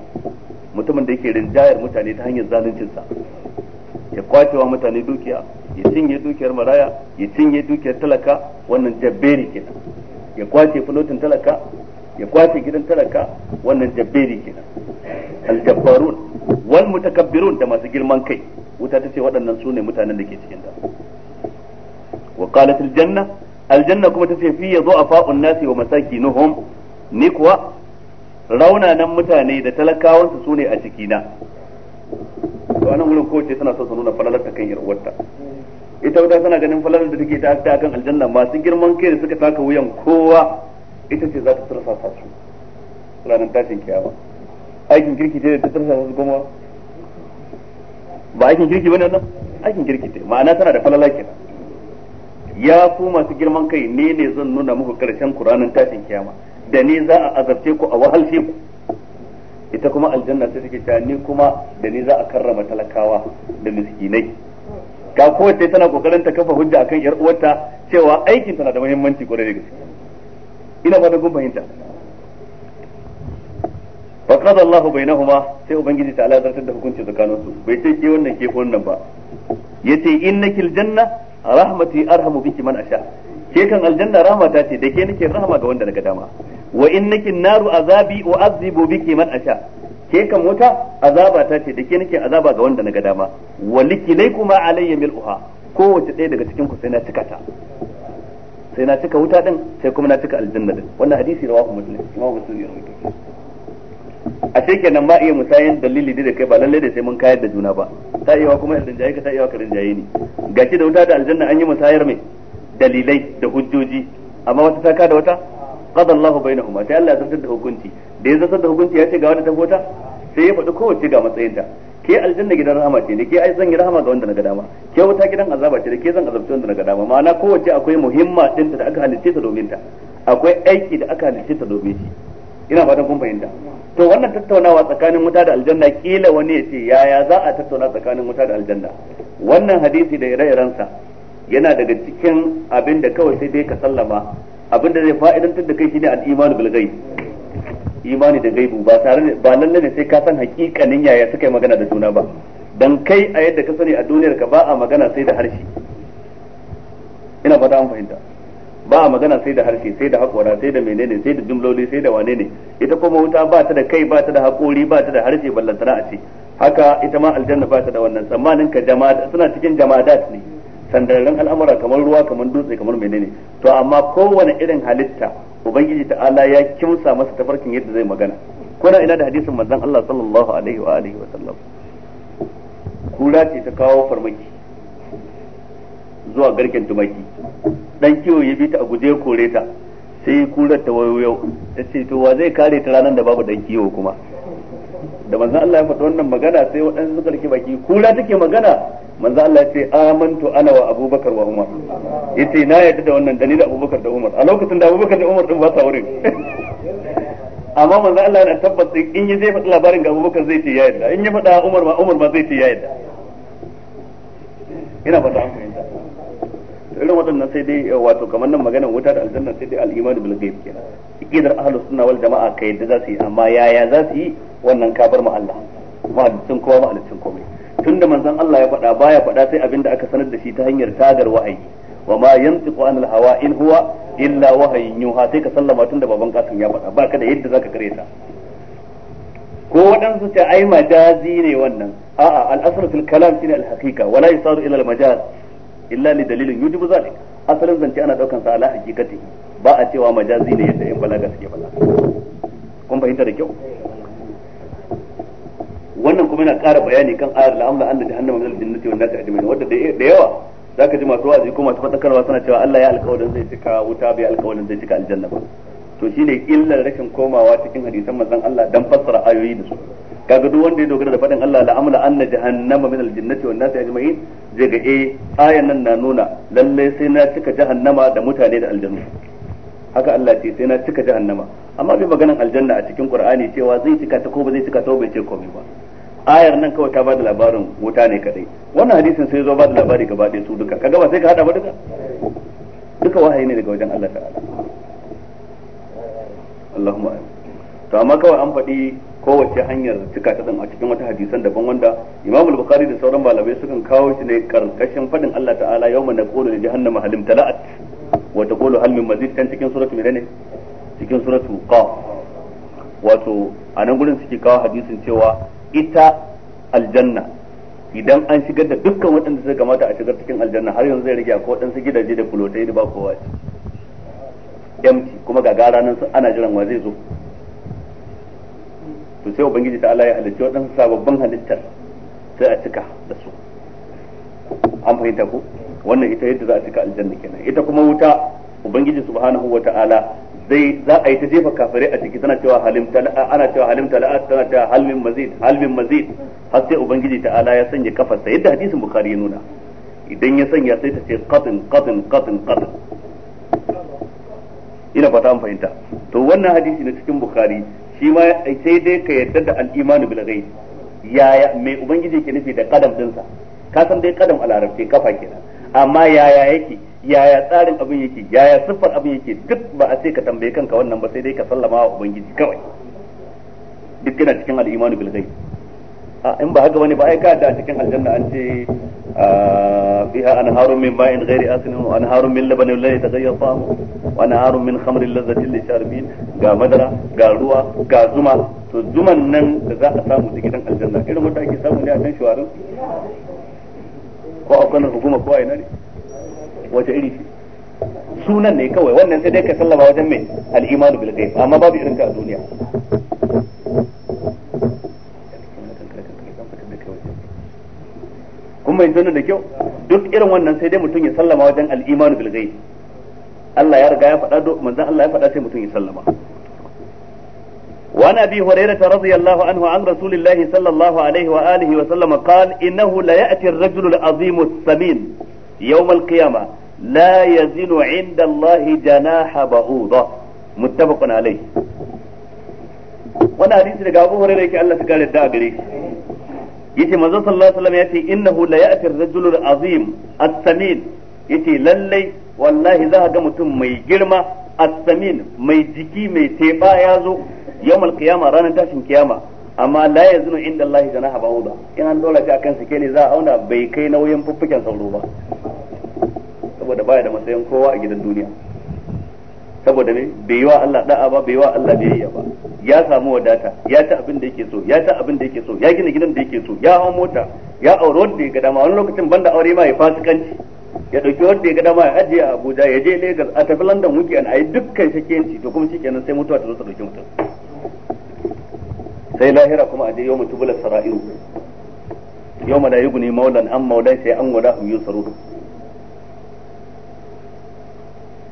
mutumin da yake rinjayar mutane ta hanyar zaluncinsa sa ya kwacewa mutane dukiya ya cinye dukiyar maraya ya cinye dukiyar talaka wannan jabberi kenan ya kwace fulotin talaka ya kwace gidan talaka wannan jabberi kenan aljabbarun wal mutakabbirun da masu girman kai wuta tace waɗannan su ne mutanen da ke cikin ta wa qalat aljanna aljanna kuma tace fi yadhafa'un nasi wa masakinuhum ni kuwa raunanan mutane da talakawansu su ne a cikina to anan wurin kowace tana so su nuna falalar ta kan yarwarta ita wata tana ganin falalar da take ta ta kan aljanna masu girman kai da suka taka wuyan kowa ita ce za ta ta su ranar tashin kiyama aikin kirki ce da ta su goma ba aikin kirki bane wannan aikin kirki ce ma'ana tana da falala kenan ya ku masu girman kai ne ne zan nuna muku karshen kuranin tashin kiyama da ni za a azabce ku a wahalshe ku ita kuma aljanna ta take ta ni kuma da ni za a karrama talakawa da miskinai ga kowace tana kokarin ta kafa hujja akan yar uwarta cewa aikin tana da muhimmanci kwarai da gaske ina da gumba hinta fa qada Allah bainahuma sai ubangiji ta Allah zartar da hukunci tsakanin su bai ce ke wannan ke wannan ba yace innakil janna rahmati arhamu biki man asha ke kan aljanna rahmata ce da ke nake rahama ga wanda daga dama wa innaki naru azabi wa azibu biki man asha ke kan wuta azaba ta ce da ke nake azaba ga wanda na ga dama wa kuma alayya mil'uha kowace ɗaya daga cikin ku sai na cika ta sai na cika wuta din sai kuma na cika aljanna din wannan hadisi rawahu muslim imamu muslim ya rawaito a ce kenan ma iya musayin dalili da kai ba lalle da sai mun kayar da juna ba ta iya kuma yanzu jayi ka ta iya karin jayi ne gashi da wuta da aljanna an yi musayar mai dalilai da hujjoji amma wata ta da wata qada Allahu bainahuma sai Allah ya zartar da hukunci da ya zartar da hukunci ya ce ga wanda ta fota sai ya faɗi kowace ga matsayinta ke aljanna gidan rahama ce ne ke ai zan yi rahama ga wanda na ga dama ke wuta gidan azaba ce ne ke zan azabta wanda na ga dama ma'ana kowace akwai muhimma dinta da aka halitta ta domin ta akwai aiki da aka halitta ta domin shi ina fatan kun fahimta to wannan tattaunawa tsakanin wuta da aljanna kila wani ya ce yaya za a tattauna tsakanin wuta da aljanna wannan hadisi da ire-irensa yana daga cikin abin da kawai sai dai ka sallama abin da zai fa'idantar da kai shine ne imanu bil ghaib imani da gaibu ba tare ne ba lalle ne sai ka san hakikanin yaya suka yi magana da juna ba dan kai a yadda ka sani a duniyar ka ba a magana sai da harshe ina fata an fahimta ba a magana sai da harshe sai da hakora sai da menene sai da jumloli sai da wane ne ita kuma wuta ba ta da kai ba ta da hakori ba ta da harshe ballantana a ce haka ita ma aljanna ba ta da wannan tsammanin ka jama'a suna cikin jama'a ne sandararren al'amura kamar ruwa kamar dutse kamar menene to amma kowane irin halitta ubangiji ta'ala ya kimsa masa tafarkin yadda zai magana kuna ina da hadisin manzon Allah sallallahu alaihi wa alihi wa sallam kura ce ta kawo farmaki zuwa garken tumaki dan kiwo ya bi ta a guje kore ta sai kurar ta wayoyo ta ce to wa zai kare ta ranar da babu dan kiwo kuma da manzon Allah ya faɗi wannan magana sai waɗansu suka rike baki kura take magana manzo Allah ya ce amantu ana wa abubakar wa umar yace na yarda da wannan dalilin da abubakar da umar a lokacin da abubakar da umar din ba sa wurin amma manzo Allah yana tabbas in yi zai faɗi labarin ga abubakar zai ce ya yarda in yi faɗa umar ma umar ma zai ce ya yarda ina ba an fahimta irin waɗannan sai dai wato kamar nan maganar wuta da aljanna sai dai al-imanu bil ghaib kenan aqidar ahlus sunna wal jama'a kai da za su yi amma yaya za su yi wannan kabar mu Allah ma halittun kowa ma halittun komai tunda manzon Allah ya faɗa baya faɗa sai abin da aka sanar da shi ta hanyar tagar wahayi wa ma yantiqu anil hawa in huwa illa wahayin yuha sai ka sallama tunda baban kasan ya faɗa baka da yadda zaka kare ta ko waɗansu ce ai majazi ne wannan a'a al-asr fil kalam shine al-haqiqa wa la yusaru ila al-majaz illa li dalilin yujibu zalik asalin zance ana daukan sa ala haqiqati ba a cewa majazi ne yadda in balaga suke balaga kun fahimta da kyau wannan kuma yana ƙara bayani kan ayar la'amla anna jahannama minal jinnati wan nasi ajma'in wanda e, da yawa zaka ji masu wa'azi ko masu fadakarwa suna cewa Allah ya alƙawarin zai cika wuta bai alƙawarin zai cika aljanna ba to shine illar rashin komawa cikin hadisan manzon Allah dan fassara ayoyi da su kaga duk wanda ya dogara da fadin Allah la'amla na jahannama minal jinnati wan nasi ajma'in zai ga eh ayan nan na nuna lalle sai na cika jahannama da mutane da aljanna haka Allah ce sai na cika jahannama amma bai maganan aljanna a cikin Qur'ani cewa zai cika ta ko ba zai cika ta bai ce komai ba ayar nan kawai ta bada labarin wuta ne kadai wannan hadisin sai zo bada labari gaba ɗaya su duka kaga ba sai ka hada ba duka duka wahayi ne daga wajen Allah ta'ala Allahumma to amma kawai an faɗi kowace hanyar cika ta a cikin wata hadisan daban wanda Imam al-Bukhari da sauran malamai sukan kawo shi ne karkashin fadin Allah ta'ala yawma naqulu li jahannama halim tala'at wa taqulu hal min mazid tan cikin suratu ne cikin suratu qaf wato a nan gurin suke kawo hadisin cewa ita aljanna idan an shigar da dukkan waɗanda suka kamata a shigar cikin aljanna har yanzu zai rage akwai waɗansu gidaje da kulotai da ba kowa empty kuma ga gara nan ana jiran wa zai zo to sai ubangiji ta Allah ya halicci waɗansu sababbin halittar sai a cika da su an fahimta ko wannan ita yadda za a cika aljanna kenan ita kuma wuta ubangiji subhanahu wata'ala zai za a yi ta jefa kafare a ciki tana cewa halim tala'a ana cewa halim tala'a tana cewa halmin mazid halmin mazid har sai ubangiji ta'ala ya sanya kafarsa yadda hadisin bukhari ya nuna idan ya sanya sai ta ce qatin qatin qatin qatin ina fata an fahimta to wannan hadisi na cikin bukhari shi ma sai dai ka yarda da al-imanu bil ghaib yaya mai ubangiji ke nufi da kadam dinsa ka san dai kadam a larabce kafa kenan amma yaya yake yaya tsarin abin yake yaya siffar abin yake duk ba a ce ka tambaye kanka wannan ba sai dai ka sallama wa ubangiji kawai duk yana cikin al'imanu bil ghaib a in ba haka bane ba ai ka da cikin aljanna an ce ah, fiha anharu min ma'in ghairi asnin wa anharu min labanin la yataghayyar ta'amu wa anharu min khamrin lazzatin sharibin ga madara ga ruwa ga zuma to zuman nan da za a samu cikin aljanna irin mutaki ake samu ne a kan shuwarin ko a kwanan hukuma ko a ina ne wace iri sunan ne kawai wannan sai dai ka sallama wajen mai al'imanu bil ghaib amma babu irin ka a duniya kun mai tunan da kyau duk irin wannan sai dai mutum ya sallama wajen al'imanu bil ghaib Allah ya riga ya faɗa manzon Allah ya faɗa sai mutum ya sallama وعن ابي هريره رضي الله عنه عن رسول الله صلى الله عليه واله وسلم قال انه لياتي الرجل العظيم الثمين يوم القيامه لا يزن عند الله جناح بعوضه متفق عليه wani hadisi daga abu hurairah yake Allah ta kare da gare shi yace manzo sallallahu alaihi wasallam yace innahu la ya'ti ar-rajulul azim as yace lallai wallahi za ga mutum mai girma as mai jiki mai teba ya zo yawmal qiyama ranar tashin kiyama amma la yazunu inda Allah janaha ba'uda in an dora shi akan ne za a auna bai kai nauyin fuffuken sauro ba saboda baya da matsayin kowa a gidan duniya saboda me bai yi wa Allah da'a ba bai yi wa Allah biyayya ba ya samu wadata ya ta abin da yake so ya ta abin da yake so ya gina gidan da yake so ya hawo mota ya aure wanda ya ga dama wani lokacin banda aure ma ya fasikanci ya dauki wanda ya ga dama ya ajiye a Abuja ya je Lagos a tafi London weekend a yi dukkan shakiyanci to kuma shikenan sai mutuwa ta zo ta dauki mutum sai lahira kuma a je yau mutu bula sara'iru yau ma da yi guni maulan an maulai sai an wada hum saro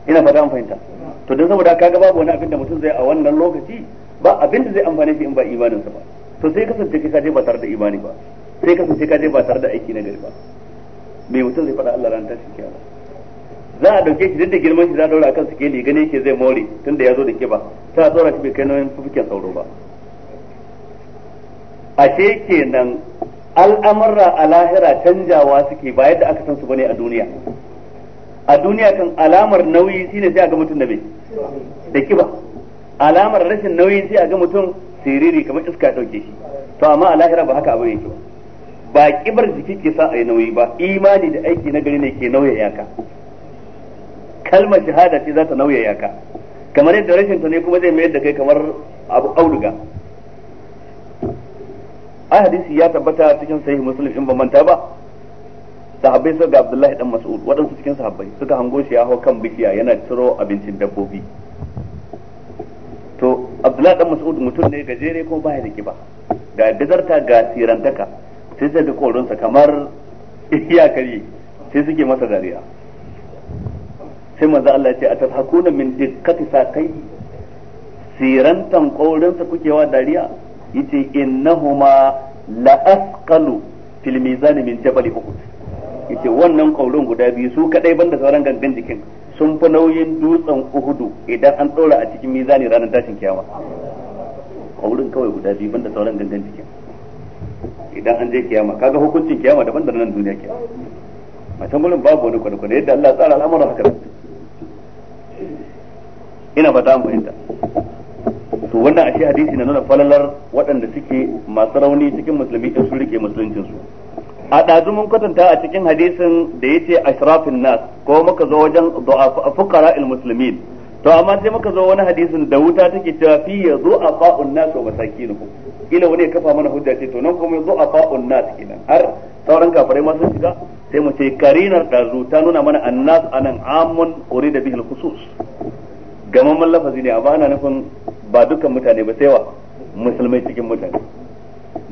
ina fata an fahimta to don saboda kaga babu wani abin da mutum zai a wannan lokaci ba abin da zai amfane shi in ba imaninsa ba to sai kasance ka je ba tare da imani ba sai kasance ka je ba tare da aiki na gari ba me mutum zai fada Allah ran shi kiyama za a dauke shi duk da girman shi za a daura akan sikeli gane yake zai more tunda ya zo da kiba ta a tsora shi bai kai nauyin fufuken sauro ba ashe kenan al'amurra a lahira canjawa suke ba yadda aka san su bane a duniya a duniya kan alamar nauyi shine sai a ga mutum da mai da kiba alamar rashin nauyi sai a ga mutum siriri kamar iska dauke shi to amma a lahira ba haka abin yake ba ba kibar jiki ke sa a yi nauyi ba imani da aiki na gari ne ke ya ka kalmar shahada ce za ta ya ka kamar yadda rashin ta ne kuma zai mayar da kai kamar abu auduga ai hadisi ya tabbata cikin sahih muslim in ban manta ba sahabbai suka ga Abdullahi dan Mas'ud waɗansu cikin sahabbai suka hango shi ya hau kan bikiya yana ciro abincin dabbobi to Abdullahi dan Mas'ud mutum ne gajere ko baya da kiba ga dazarta ga sirantaka sai sai da korinsa kamar iyakari sai suke masa dariya sai manzo Allah ya ce atadhakuna min dikkati kai sirantan korinsa kuke wa dariya yace innahuma la asqalu fil mizan min jabal uhud yace wannan kaurin guda biyu su kadai banda sauran gangan jikin sun fi nauyin dutsen uhudu idan an dora a cikin mizani ranar tashin kiyama kaurin kawai guda biyu banda sauran gangan jikin idan an je kiyama kaga hukuncin kiyama daban da nan duniya kiyama mata mulin babu wani kwane yadda Allah tsara al'amuran haka ina ba ta mu to wannan ashe hadisi na nuna falalar waɗanda suke masu rauni cikin musulmi in sun rike musuluncin su a ɗazu mun kwatanta a cikin hadisin da yace ashrafin nas ko muka zo wajen fuqara al muslimin to amma sai muka zo wani hadisin da wuta take cewa fi fa'un nas wa ku ila wani ya kafa mana hujja ce to nan kuma a fa'un nas kenan har sauran kafirai ma sun shiga sai mu ce karinar ɗazu ta nuna mana annas anan amun da bihil khusus gamamman lafazi ne amma ana nufin ba dukkan mutane ba sai wa musulmai cikin mutane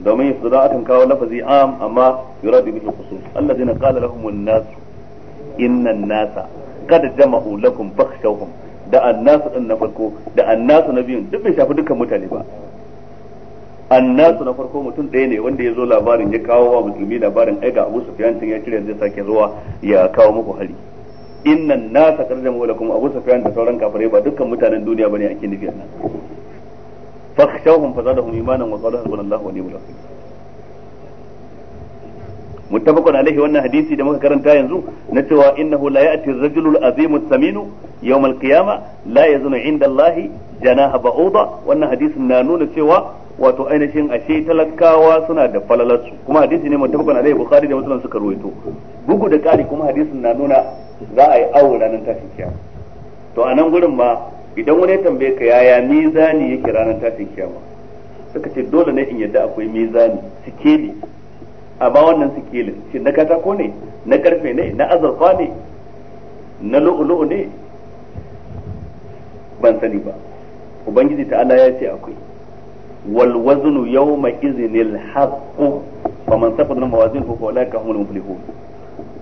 domin yasu da akan kawo lafazi am amma yuradu bil khusus allazina qala lahum an-nas inna an-nasa qad jama'u lakum fakhshawhum da annasu din na farko da annasu na biyun duk bai shafi dukkan mutane ba annasu na farko mutum ɗaya ne wanda ya zo labarin ya kawo wa musulmi labarin ai ga Abu Sufyan tun ya cire zai sake zuwa ya kawo muku hari innan da karjamu kuma abu safiyan da sauran kafirai ba dukkan mutanen duniya bane ake nufi nan fakhshawhum fazadahum imanan wa qalu hasbunallahu wa ni'mal wakeel muttafaqun alaihi wannan hadisi da muka karanta yanzu na cewa innahu la ya'ti ar-rajulu al-azimu as-saminu yawm al-qiyama la yazunu inda Allah janaha ba'uda wannan hadisin na nuna cewa wato ainihin ashe talakawa suna da falalarsu kuma hadisi ne bana alaihi bukari da muslim suka ruwaito bugu da kari kuma hadisin na nuna za a yi awo ranar tashin kiyama to a nan gurin ma idan wani ya tambaye ka yaya mizani yake ranar tashin kiyama suka ce dole ne in yadda akwai mizani sikeli amma wannan sikeli shi na katako ne na karfe ne na azurfa ne na lu'ulu'u ne ban sani ba ubangiji ta'ala ya ce akwai wal waznu yawma izinil haqq faman saqadat mawazinuhu fa ulaika humul muflihun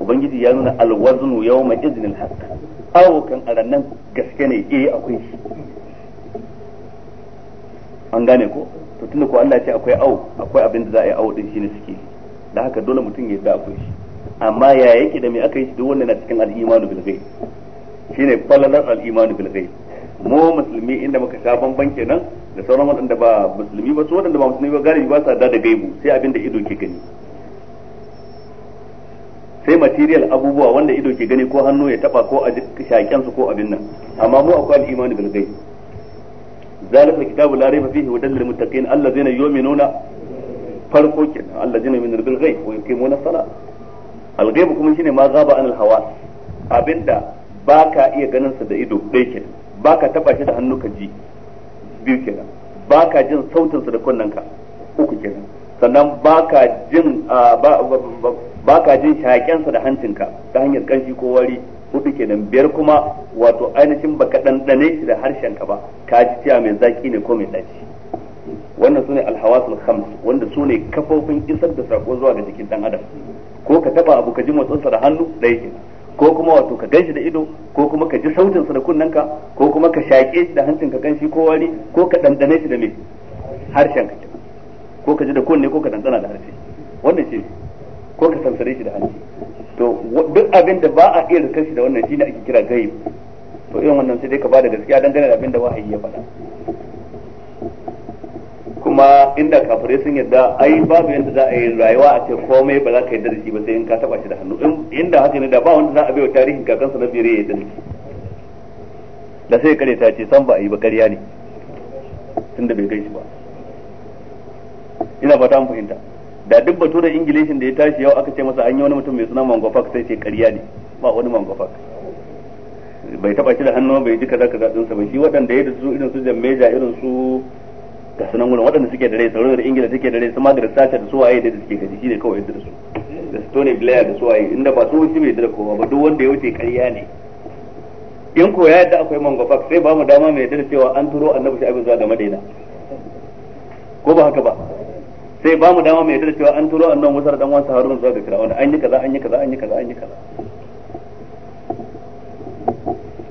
ubangiji ya nuna al waznu yawma izinil haqq awo kan arannan gaske ne eh akwai shi an gane ko to tunda ko Allah ya ce akwai aw akwai abin da za a yi awo din shine suke da haka dole mutum ya yarda akwai shi amma ya yake da me aka yi shi duk wannan na cikin al-imanu bil ghaib shine falalar al-imanu bil ghaib mu musulmi inda muka sha bamban nan. da sauran waɗanda ba musulmi ba su waɗanda ba musulmi ba galibi ba sa da gaibu sai abin da ido ke gani sai material abubuwa wanda ido ke gani ko hannu ya taba ko a shaƙen su ko abin nan amma mu akwai al'imani bil ghaib zalika alkitabu la rayba fihi hudan lil muttaqin allazina yu'minuna farko kenan allazina yu'minuna bil ghaib wa yuqimuna sala al-ghaib kuma shine ma ghaba anil hawas abinda baka iya ganin sa da ido dai kenan baka taba shi da hannu ka ji biyu kenan ba ka jin sautinsa da kunnanka uku kenan sannan ba ka jin ba ka jin shaƙensa da hancinka ta hanyar ƙanshi ko wari hudu kenan biyar kuma wato ainihin baka ɗanɗane shi da harshenka ba ka ji cewa mai zaki ne ko mai ɗaci wannan sune alhawasul khams wanda sune kafofin isar da sako zuwa ga jikin dan adam ko ka taba abu ka ji motsinsa da hannu ɗaya kenan ko kuma wato ka ganshi da ido ko kuma ka ji sautin sa da kunnanka ko kuma ka shaƙe shi da hancin ka kanshi ko wari ko ka dandane shi da me harshen ka ko ka ji da kunne ko ka dandana da harshe wannan shi ko ka sansare shi da hanci to duk abin da ba a iya rikar shi da wannan shi ne ake kira gaib to irin wannan sai dai ka da gaskiya dangane da abin da wahayi ya faɗa kuma inda kafirai sun yadda ai babu yadda za a yi rayuwa a ce komai ba za ka yadda da shi ba sai in ka taba shi da hannu inda haka ne da ba wanda za a baiwa tarihin kakansa na biyar ya yadda da da sai kare ta ce san ba a yi ba ƙarya ne tunda bai kai shi ba ina fata an fahimta da duk batu da ingilishin da ya tashi yau aka ce masa an yi wani mutum mai suna mangofak sai ce ƙarya ne ba wani mangofak bai taba shi da hannu bai ji kaza kaza din sa ba shi waɗanda ya da su irin su jammeja irin su ga sunan gurin waɗanda suke da rai sauran da ingila suke da rai su margaret thatcher da suwaye da suke gaji ne kawai yadda da su da stony blair da suwaye inda ba su wuce mai yadda da kowa ba duk wanda ya wuce ƙarya ne in ko ya yadda akwai fax sai ba mu dama mai yadda cewa an turo annabi shi abin zuwa ga madina ko ba haka ba sai ba mu dama mai yadda cewa an turo annabi musar dan wansa harun zuwa ga fir'auna an yi kaza an yi kaza an yi kaza an yi kaza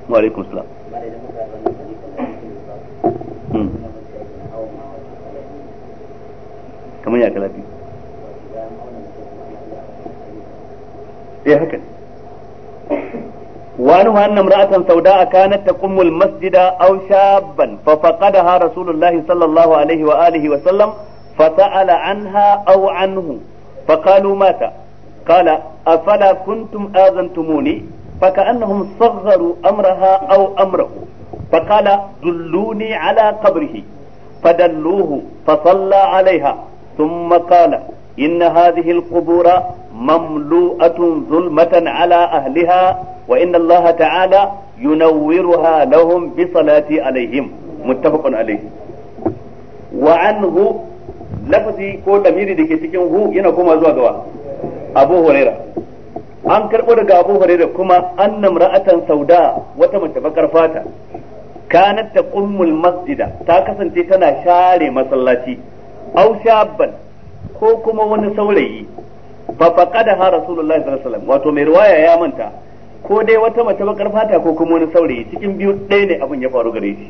wa alaikum salam kamar ya kalafi sai eh, haka wa anhu anna imra'atan sauda'a kanat taqumul masjida aw shabban fa faqadaha rasulullahi sallallahu alaihi wa alihi wa sallam fa sa'ala anha aw anhu fa qalu mata qala afala kuntum azantumuni فكأنهم صغروا أمرها أو أمره فقال دلوني على قبره فدلوه فصلى عليها ثم قال إن هذه القبور مملوءة ظلمة على أهلها وإن الله تعالى ينورها لهم بصلاة عليهم متفق عليه وعنه lafazi ko damiri da ke cikin hu yana koma zuwa gawa abu huraira an karɓo daga abu huraira kuma anna ra'atan sauda wata mace bakar fata kanat ta ummul masjida ta kasance tana share masallaci aw shabban ko kuma wani saurayi fa faqadaha rasulullahi sallallahu alaihi wasallam wato mai riwaya ya manta ko dai wata mace bakar fata ko kuma wani saurayi cikin biyu ɗaya ne abin ya faru gare shi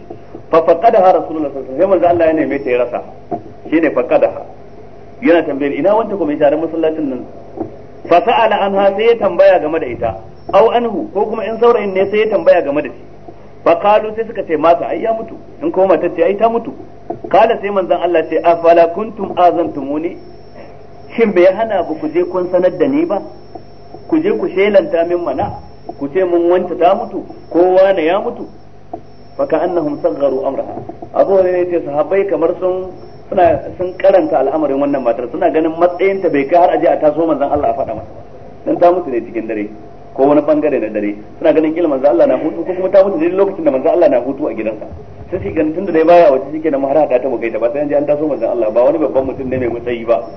fa faqadaha rasulullahi sallallahu alaihi wasallam sai manzo Allah ya neme ta ya rasa shine faqadaha yana tambayar ina wanta kuma sharar masallacin nan fa sa'ala anha sai ya tambaya game da ita aw anhu ko kuma in saurayin ne sai ya tambaya game da shi fa Kalu sai suka ce mata ai ya mutu in kuma matar ce ai ta mutu kala sai manzon Allah ce afala kuntum azantumuni shin bai hana ba ku je kun sanar da ni ba ku je ku shelanta min mana ku ce mun wanta ta mutu kowa na ya mutu fa ka annahum sagharu amraha abu ne ce sahabbai kamar sun suna sun karanta al'amarin wannan matar suna ganin matsayinta bai kai har aje a taso manzon Allah a faɗa masa dan ta mutu ne cikin dare ko wani bangare na dare suna ganin kila manzo Allah na hutu ko kuma ta mutu daidai lokacin da manzo Allah na hutu a gidansa sai shi ganin tunda dai baya wace shike na mahara ta tabo gaita ba sai an ji an taso manzo Allah ba wani babban mutum ne mai matsayi ba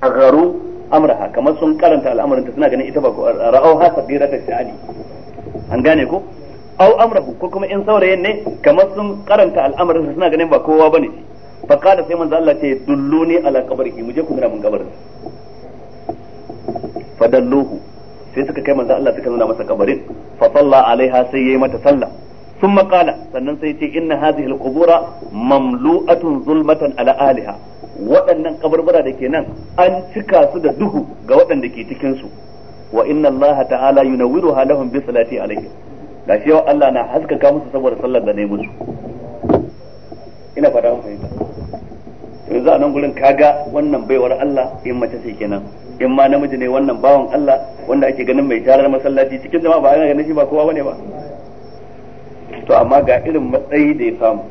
agaru amraha kamar sun karanta al'amarin ta suna ganin ita ba ra'au ha ta sha'ani an gane ko au amrahu ko kuma in saurayen ne kamar sun karanta al'amarin suna ganin ba kowa bane fa kada sai manzo Allah ce dulluni ala qabrihi muje ku nuna mun fa dalluhu sai suka kai manzon Allah suka nuna masa kabarin fa salla alaiha sai yayi mata sallah ثم قال sannan sai ce inna hadhihi alqubura mamlu'atun zulmatan ala aliha waɗannan kabarbara da ke nan an cika su da duhu ga waɗanda ke cikin su wa inna allaha ta'ala yunawwiruha lahum bi salati alayhi gashi yau Allah na haskaka musu saboda sallar da ne musu ina fata mun fahimta yanzu a nan gurin kaga wannan baiwar Allah in mace ce kenan in ma namiji ne wannan bawan Allah wanda ake ganin mai tarar masallaci cikin jama'a ba ana ganin shi ba kowa bane ba to amma ga irin matsayi da ya samu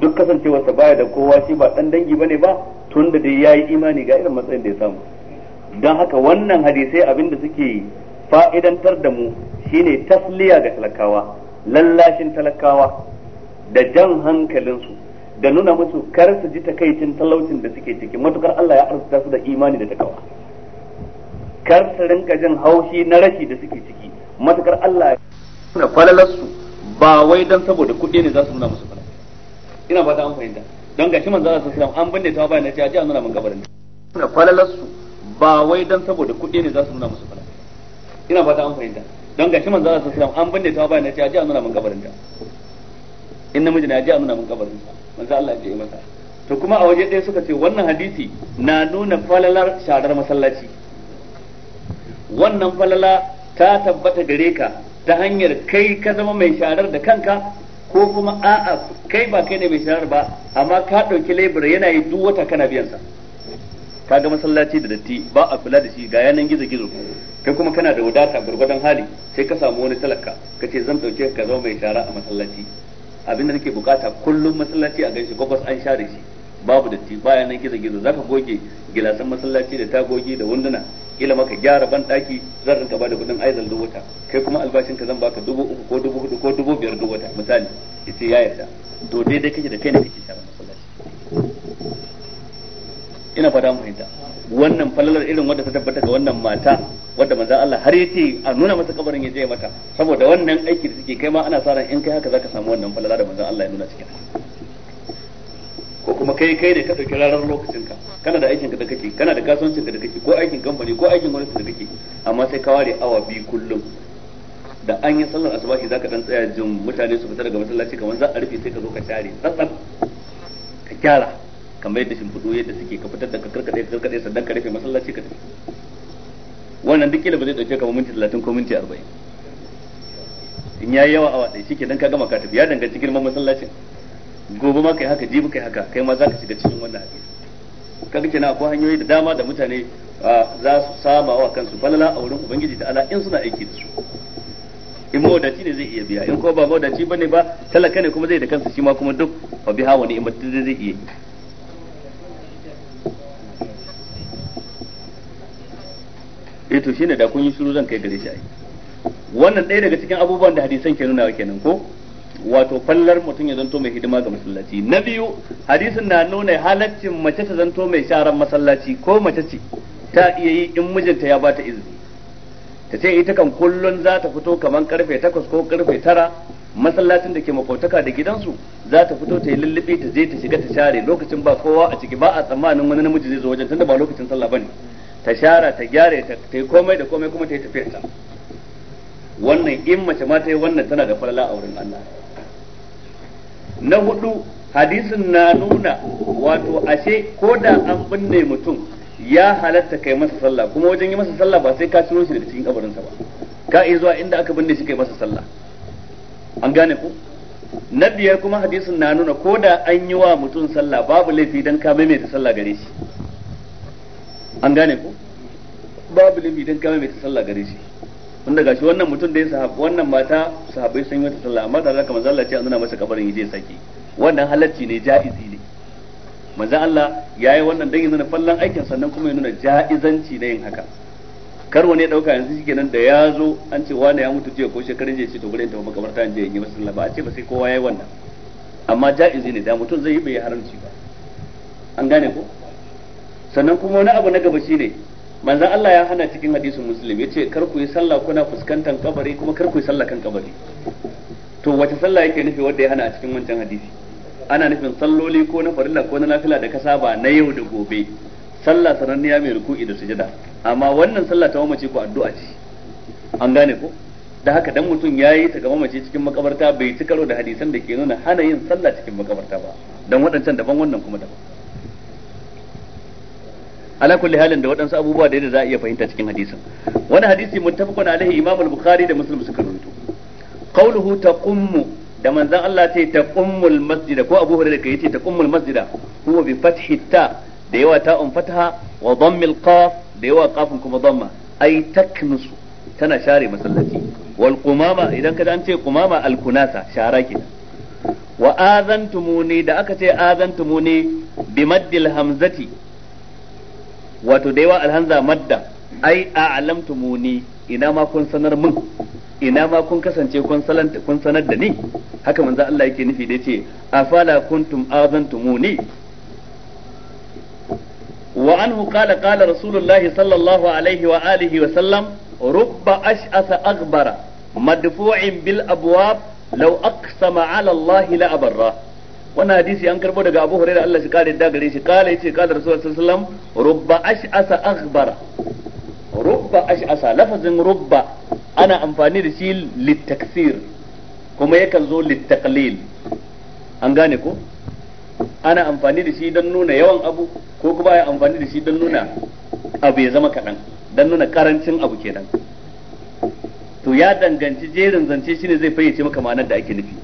duk kasancewarsa baya da kowa shi ba dan dangi bane ba tun da dai yayi imani ga irin matsayin da ya samu dan haka wannan hadisai da suke fa'idantar da mu shine tasliya ga talakawa lallashin talakawa da jan hankalinsu da nuna musu kar su ji takaicin talaucin da suke ciki matukar Allah ya arzuta su da imani da takawa kar su rinka jin haushi na rashi da suke ciki matukar Allah ya nuna falalarsu ba wai dan saboda kuɗi ne za su nuna musu falala ina fata an fahimta don gashi manzo Allah sallallahu alaihi an binne ta bayan ta ji an nuna min gabarin nuna falalarsu ba wai dan saboda kuɗi ne za su nuna musu falala ina fata an fahimta don gashi manzo Allah sallallahu alaihi an binne ta bayan ta ji an nuna min gabarin ta in namiji na ji a nuna mun kabarin manzo Allah ya masa to kuma a waje ɗaya suka ce wannan hadisi na nuna falalar sharar masallaci wannan falala ta tabbata gare ka ta hanyar kai ka zama mai sharar da kanka ko kuma a'a kai ba kai ne mai sharar ba amma ka ɗauki lebura yana yi duk wata kana biyan sa kaga masallaci da datti ba a kula da shi ga yanan gizo gizo kai kuma kana da wadata gurgurdan hali sai ka samu wani talaka kace zan dauke ka zama mai shara a masallaci Abin da nake bukata kullum masallaci a gaishe gobas an share shi babu datti bayan nan gizo gizo zaka goge gilasan masallaci da tagogi da wunduna kila maka gyara ban daki zan rinka bada kudin aizal duk wata kai kuma albashin ka zan baka dubu uku ko dubu hudu ko dubu biyar duk wata misali yace ya yarda to daidai kake da kai ne kake share masallaci ina fata mu fahimta wannan falalar irin wanda ta tabbata ga wannan mata wanda manzo Allah har yace a nuna masa kabarin ya je mata saboda wannan aiki da suke kai ma ana sa ran in kai haka zaka samu wannan falala da manzo Allah ya nuna cikin ko kuma kai kai ne ka dauki ranar lokacin ka kana da aikin ka da kake kana da kasuwancin ka da kake ko aikin kamfani ko aikin gwamnati da kake amma sai ka ware awa biyu kullum da an yi sallar asubahi zaka dan tsaya jin mutane su fita daga masallaci kamar za a rufe sai ka zo ka share tsatsan ka kyara kamar yadda shimfiɗu yadda suke ka fitar da ka karkade ka karkade sannan ka rufe masallaci ka tafi wannan duk kila ba zai dauke ka minti 30 ko minti 40 in yayi yawa awa ɗaya shike dan ka gama ka tafi ya danganci girman masallacin gobe ma kai haka jibi kai haka kai ma za ka shiga cikin wannan hadisi kaga kenan akwai hanyoyi da dama da mutane za su saba wa kansu falala a wurin ubangiji ta ala in suna aiki da su in mawadaci ne zai iya biya in ko ba mawadaci bane ba talaka ne kuma zai da kansa shi ma kuma duk fa biha wani mutum zai iya eh to shine da kun yi shiru zan kai gare shi ai wannan ɗaya daga cikin abubuwan da hadisan ke nuna kenan ko wato fallar mutum ya zanto mai hidima ga masallaci na biyu hadisin na nuna halaccin mace ta zanto mai sharan masallaci ko mace ce ta iya yi in mijinta ya bata izini ta ce ita kan kullun za ta fito kamar karfe takwas ko karfe tara masallacin da ke makwautaka da gidansu za ta fito ta yi lullubi ta je ta shiga ta share lokacin ba kowa a ciki ba a tsammanin wani namiji zai zo wajen tunda ba lokacin sallah ba ne. ta shara ta gyara ta ta yi komai da komai kuma ta yi tafiyarta wannan in mace ma ta yi wannan tana da falala a wurin Allah na hudu hadisin na nuna wato ashe ko da an binne mutum ya halatta kai masa sallah kuma wajen yi masa sallah ba sai ka ciro shi daga cikin kabarinsa ba ka iya zuwa inda aka binne shi kai masa sallah an gane ku na biyar kuma hadisin na nuna ko da an yi wa mutum sallah babu laifi dan ka maimaita sallah gare shi an gane ko babu limi dan kama mai ta sallah gare shi wanda gashi wannan mutum da ya sahab wannan mata sahabbai sun yi mata sallah amma da haka manzo Allah ce an nuna masa kabarin yaje saki wannan halacci ne ja'izi ne manzo Allah yayi wannan dan ya nuna fallan aikin sannan kuma ya nuna ja'izanci na yin haka kar wani ya dauka yanzu shi kenan da ya zo an ce wani ya mutu jiya ko shekarun jiya ce to gurin ta makabarta je yi masa sallah ba a ce ba sai kowa yayi wannan amma ja'izi ne da mutum zai yi bai haramci ba an gane ko sannan kuma wani abu na gaba ne, manzon Allah ya hana cikin hadisin muslim yace kar ku yi sallah kuna fuskantar kabari kuma kar ku yi sallah kan kabari to wace sallah yake nufi wanda ya hana a cikin wancan hadisi ana nufin salloli ko na farilla ko na nafila da ka saba na yau da gobe sallah sananniya mai ruku'i da sujada amma wannan sallah ta mamaci ko addu'a ce an gane ko da haka dan mutum yayi ta ga mamaci cikin makabarta bai ci karo da hadisan da ke nuna hana yin sallah cikin makabarta ba dan waɗancan daban wannan kuma daban ala kulli halin da waɗansu abubuwa da yadda za a iya fahimta cikin hadisin wani hadisi muttafaqun alaihi imam al-bukhari da muslim suka rawaito qawluhu taqummu da manzon Allah ce taqummul masjid ko abu hurairah kai ce taqummul masjid huwa bi fathi ta da yawa ta'un fataha wa dhammil qaf da yawa qafun kuma dhamma ay taknusu tana share masallaci wal qumama idan kada an ce qumama al kunasa shara kenan wa azantumuni da aka ce azantumuni bi maddil hamzati wato da yawa alhamza madda ai a alamtumuni ina ma kun sanar min ina ma kun kasance kun salanta kun sanar da ni haka manzo Allah yake nufi da yace afala kuntum azantumuni wa anhu qala qala rasulullahi sallallahu alaihi wa alihi wa sallam rubba ash'asa aghbara madfu'in bil abwab law aqsama ala Allah la abarra wannan hadisi an karbo daga Abu Hurairah Allah shi kare da gare shi kala yace kala Rasulullah sallallahu alaihi wasallam rubba ash'asa akhbara rubba ash'asa lafazin rubba ana amfani da shi litaksir kuma yakan zo litaqlil an gane ko ana amfani da shi don nuna yawan abu ko kuma ya amfani da shi don nuna abu ya zama kaɗan don nuna karancin abu kenan to ya danganci jerin zance shine zai fayyace maka ma'anar da ake nufi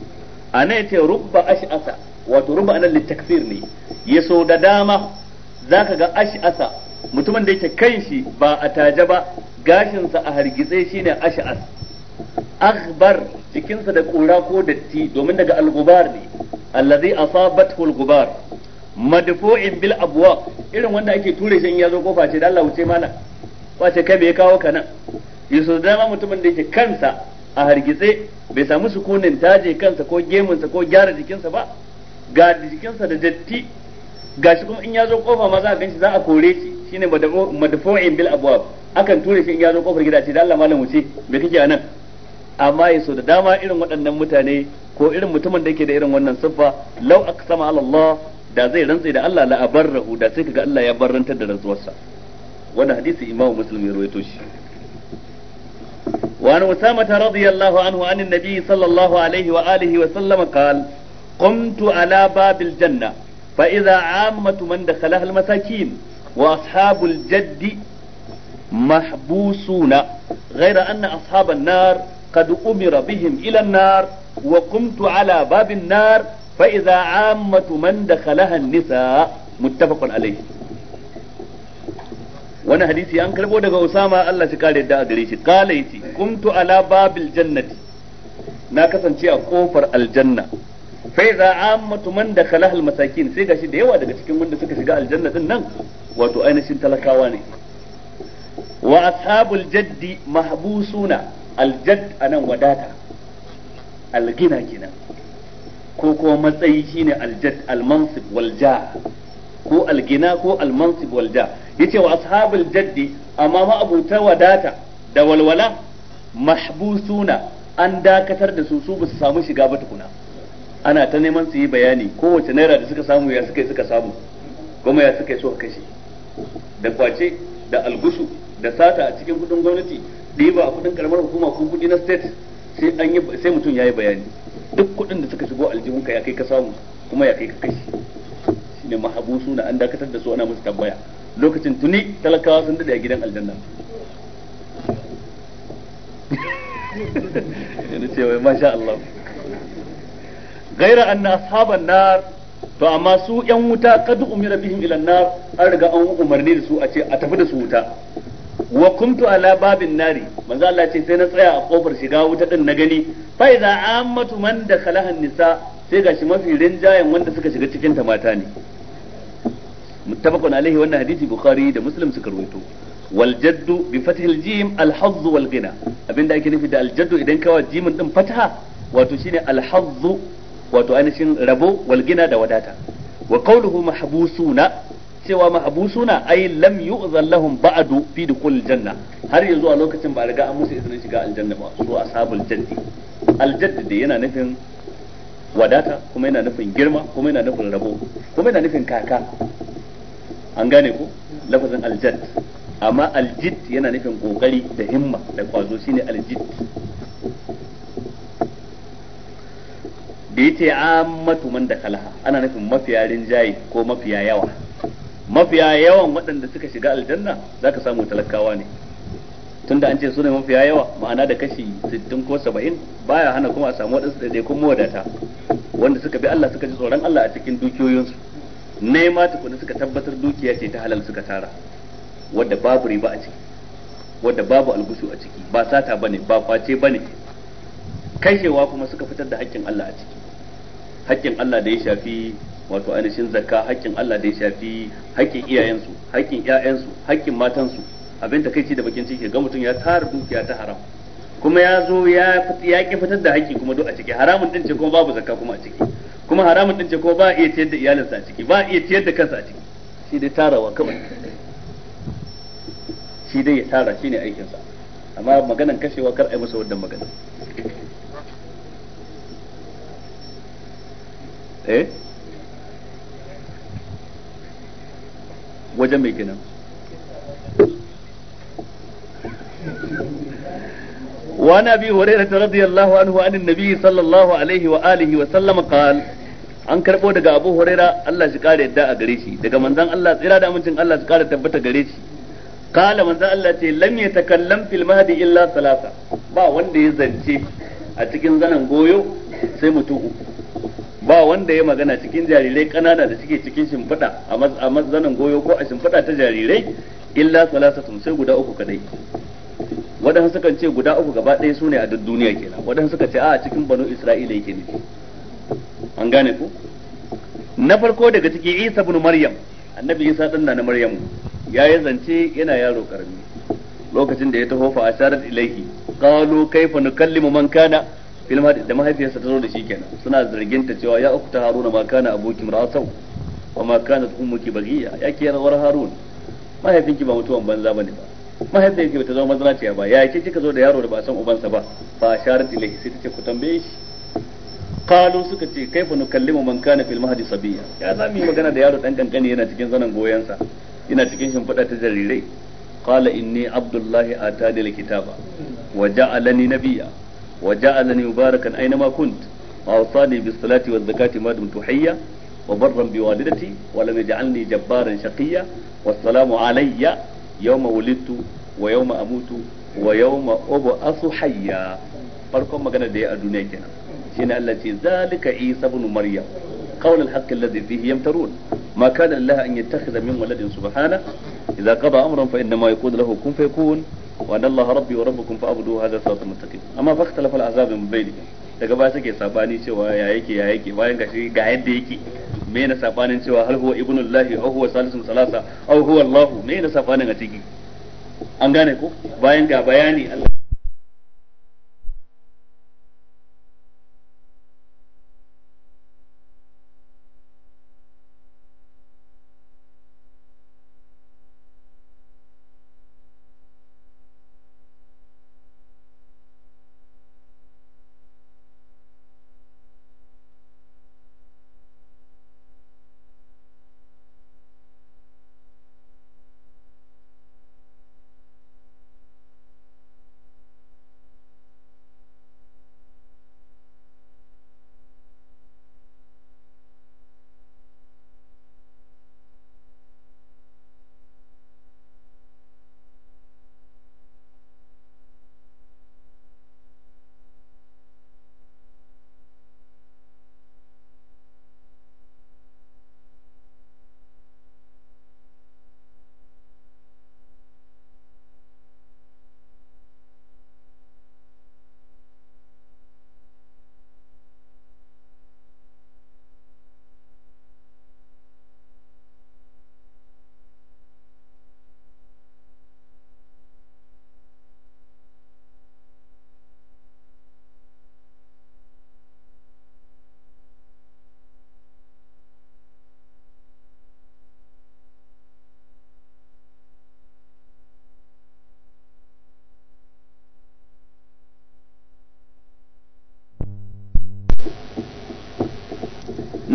a nan yace rubba ash'asa wato rubu anan littaksir ne yaso da dama zaka ga ash'asa mutumin da yake shi ba a taje ba gashinsa a hargitse shine ash'as akhbar jikinsa da kura ko datti domin daga al-gubar ne allazi asabathu al-gubar madfu'in bil abwa irin wanda ake ture shi ya zo kofa ce da Allah wuce mana wace kai bai kawo ka nan da dama mutumin da yake kansa a hargitse bai samu sukunin taje kansa ko gemunsa ko gyara jikinsa ba ga jikinsa da datti ga shi kuma in ya zo kofa ma za a ganshi za a kore shi shine madafu'in bil abwab akan ture shi in ya zo kofar gida ce da Allah malam wuce me kake anan amma ya so da dama irin waɗannan mutane ko irin mutumin da yake da irin wannan siffa law aqsama ala Allah da zai rantsa da Allah la abarrahu da sai kaga Allah ya barrantar da rantsuwarsa wannan hadisi Imam Muslim ya rawaito shi وعن أسامة رضي الله عنه عن النبي صلى الله عليه وآله وسلم قال qamtu ala babil janna fa idza ammatu man dakhala al masakin wa ashabul jaddi محبوسون غير أن أصحاب النار قد أمر بهم إلى النار وقمت على باب النار فإذا عامة من دخلها النساء متفق عليه wani hadisi an karbo daga Usama Allah shi kare da gare shi kala ala babil jannati na kasance a kofar aljanna fa idza ammatu man dakhala al masakin sai gashi da yawa daga cikin wanda suka shiga aljanna din nan wato ainihin talakawa ne wa ashabul jaddi mahbusuna al jadd anan wadata al gina kenan ko kuma matsayi shine al jadd al mansib wal ko al gina ko al mansib wal yace wa ashabul jaddi amma ma abu ta wadata da walwala mahbusuna an dakatar da su su ba su samu shiga ba tukuna ana ta neman su yi bayani kowace naira da suka samu ya suka yi suka samu kuma ya suka yi suka kashe da kwace da algusu da sata a cikin kudin gwamnati ɗiba a kudin karamar hukuma ko kudi na state sai an yi sai mutum yi bayani duk kudin da suka shigo aljihun ka ya kai ka samu kuma ya kai ka kashe shine mahabusu na an dakatar da su ana musu tambaya lokacin tuni talakawa sun dade a gidan aljanna yana cewa masha Allah gaira ana ashaban nar to amma su yan wuta kadu umira bihim ila nar an riga an umarni da su a ce a tafi da su wuta wa kuntu ala babin nari manzo Allah ce sai na tsaya a kofar shiga wuta din na gani fa idza ammatu man dakhalaha nisa sai gashi mafi rinjayen wanda suka shiga cikin ta mata ne muttafaqun alaihi wannan hadisi bukhari da muslim suka rawaito wal jaddu bi fathil jim al hazz wal ghina abinda ake nufi da al jaddu idan kawa jimin din fataha wato shine al hazz wato ainihin rabo walgina da wadata wa qawluhu mahbusuna cewa mahbusuna ay lam yu'zan lahum ba'du fi dukhul janna har yanzu a lokacin ba riga an musu izinin shiga aljanna ba su ashabul jaddi aljaddi da yana nufin wadata kuma yana nufin girma kuma yana nufin rabo kuma yana nufin kaka an gane ko lafazin aljadd amma aljid yana nufin kokari da himma da kwazo shine aljid da yace ammatu man dakalaha ana nufin mafiya rinjaye ko mafiya yawa mafiya yawan waɗanda suka shiga aljanna zaka samu talakawa ne tunda an ce su ne mafiya yawa ma'ana da kashi 60 ko 70 baya hana kuma a samu waɗansu da ɗaiɗaikun mawadata wanda suka bi Allah suka ji tsoron Allah a cikin dukiyoyinsu nema tukuna suka tabbatar dukiya ce ta halal suka tara wadda babu riba a ciki wadda babu algushu a ciki ba sata bane ba kwace bane kashewa kuma suka fitar da haƙƙin Allah a ciki haƙƙin Allah da ya shafi wato ainihin zakka haƙƙin Allah da ya shafi haƙƙin iyayensu haƙƙin ƴaƴansu haƙƙin matansu abin da kai da bakin ciki ga mutum ya tara dukiya ta haram kuma ya zo ya ya ki fitar da haƙƙi kuma duk a ciki haramun din ce kuma babu zakka kuma a ciki kuma haramun din ce kuma ba iya ciyar da iyalinsa a ciki ba iya ciyar da kansa a ciki shi dai tarawa kawai shi dai ya tara shine aikinsa amma maganan kashewa kar ai masa wannan magana eh wajen mai kenan وعن ابي هريره رضي الله عنه عن النبي صلى الله عليه واله وسلم قال an karbo daga abu huraira Allah shi kare yadda a gare shi daga manzon Allah tsira da amincin Allah shi kare tabbata gare shi kala manzon Allah ce lam yatakallam fil mahdi illa salasa ba wanda ya zance a cikin zanen goyo sai mutum uku ba wanda ya magana cikin jarirai kanana da suke cikin shimfiɗa a mazanin goyo ko a shimfiɗa ta jarirai illa salasatun sai guda uku kadai waɗansu sukan ce guda uku gaba ɗaya su ne a duk duniya kenan waɗansu suka ce a cikin banu isra'ila yake ne an gane ku na farko daga ciki isa bin maryam annabi isa ɗan na maryam ya yi zance yana yaro karami lokacin da ya taho fa asharat ilaihi qalu kaifa nukallimu man kana filma da mahaifiyarsa ta zo da shi kenan suna zargin ta cewa ya uku ta haruna ma kana abokin rasau wa ma kana ummuki bagiya ya ke rawar harun mahaifinki ba mutuwan banza bane ba mahaifiyarki ta zama mazraciya ba ya ke kika zo da yaro da ba san ubansa ba fa sharat ilayhi sai ta ce ku tambaye shi kalu suka ce kai kaifa nukallimu man kana fil mahdi sabiya ya za mu yi magana da yaro dan kankani yana cikin zanan goyensa yana cikin shimfiɗa ta jarirai qala inni abdullahi atani alkitaba wa ja'alani nabiyya وجعلني مباركا أينما كنت وأوصاني بالصلاة والزكاة ما دمت حيا وبرا بوالدتي ولم يجعلني جبارا شقيا والسلام علي يوم ولدت ويوم أموت ويوم أبعث حيا farkon magana da ya a duniya kenan shine Allah ce zalika Isa ibn Maryam qawl al-haqq alladhi fihi yamtarun ma kana lillahi an yattakhidha min waladin subhana idza qada amran fa inma yaqulu lahu kun وعد الله ربي وربكم فاعبدوه هذا صراط مستقيم اما فاختلف الاحزاب من بينهم daga baya suke sabani cewa ya yake ya yake bayan gashi ga yadda yake me na sabanin cewa hal huwa ibnu llahi aw huwa salisun salasa aw huwa allah me na sabanin a ciki an gane ko bayan ga bayani Allah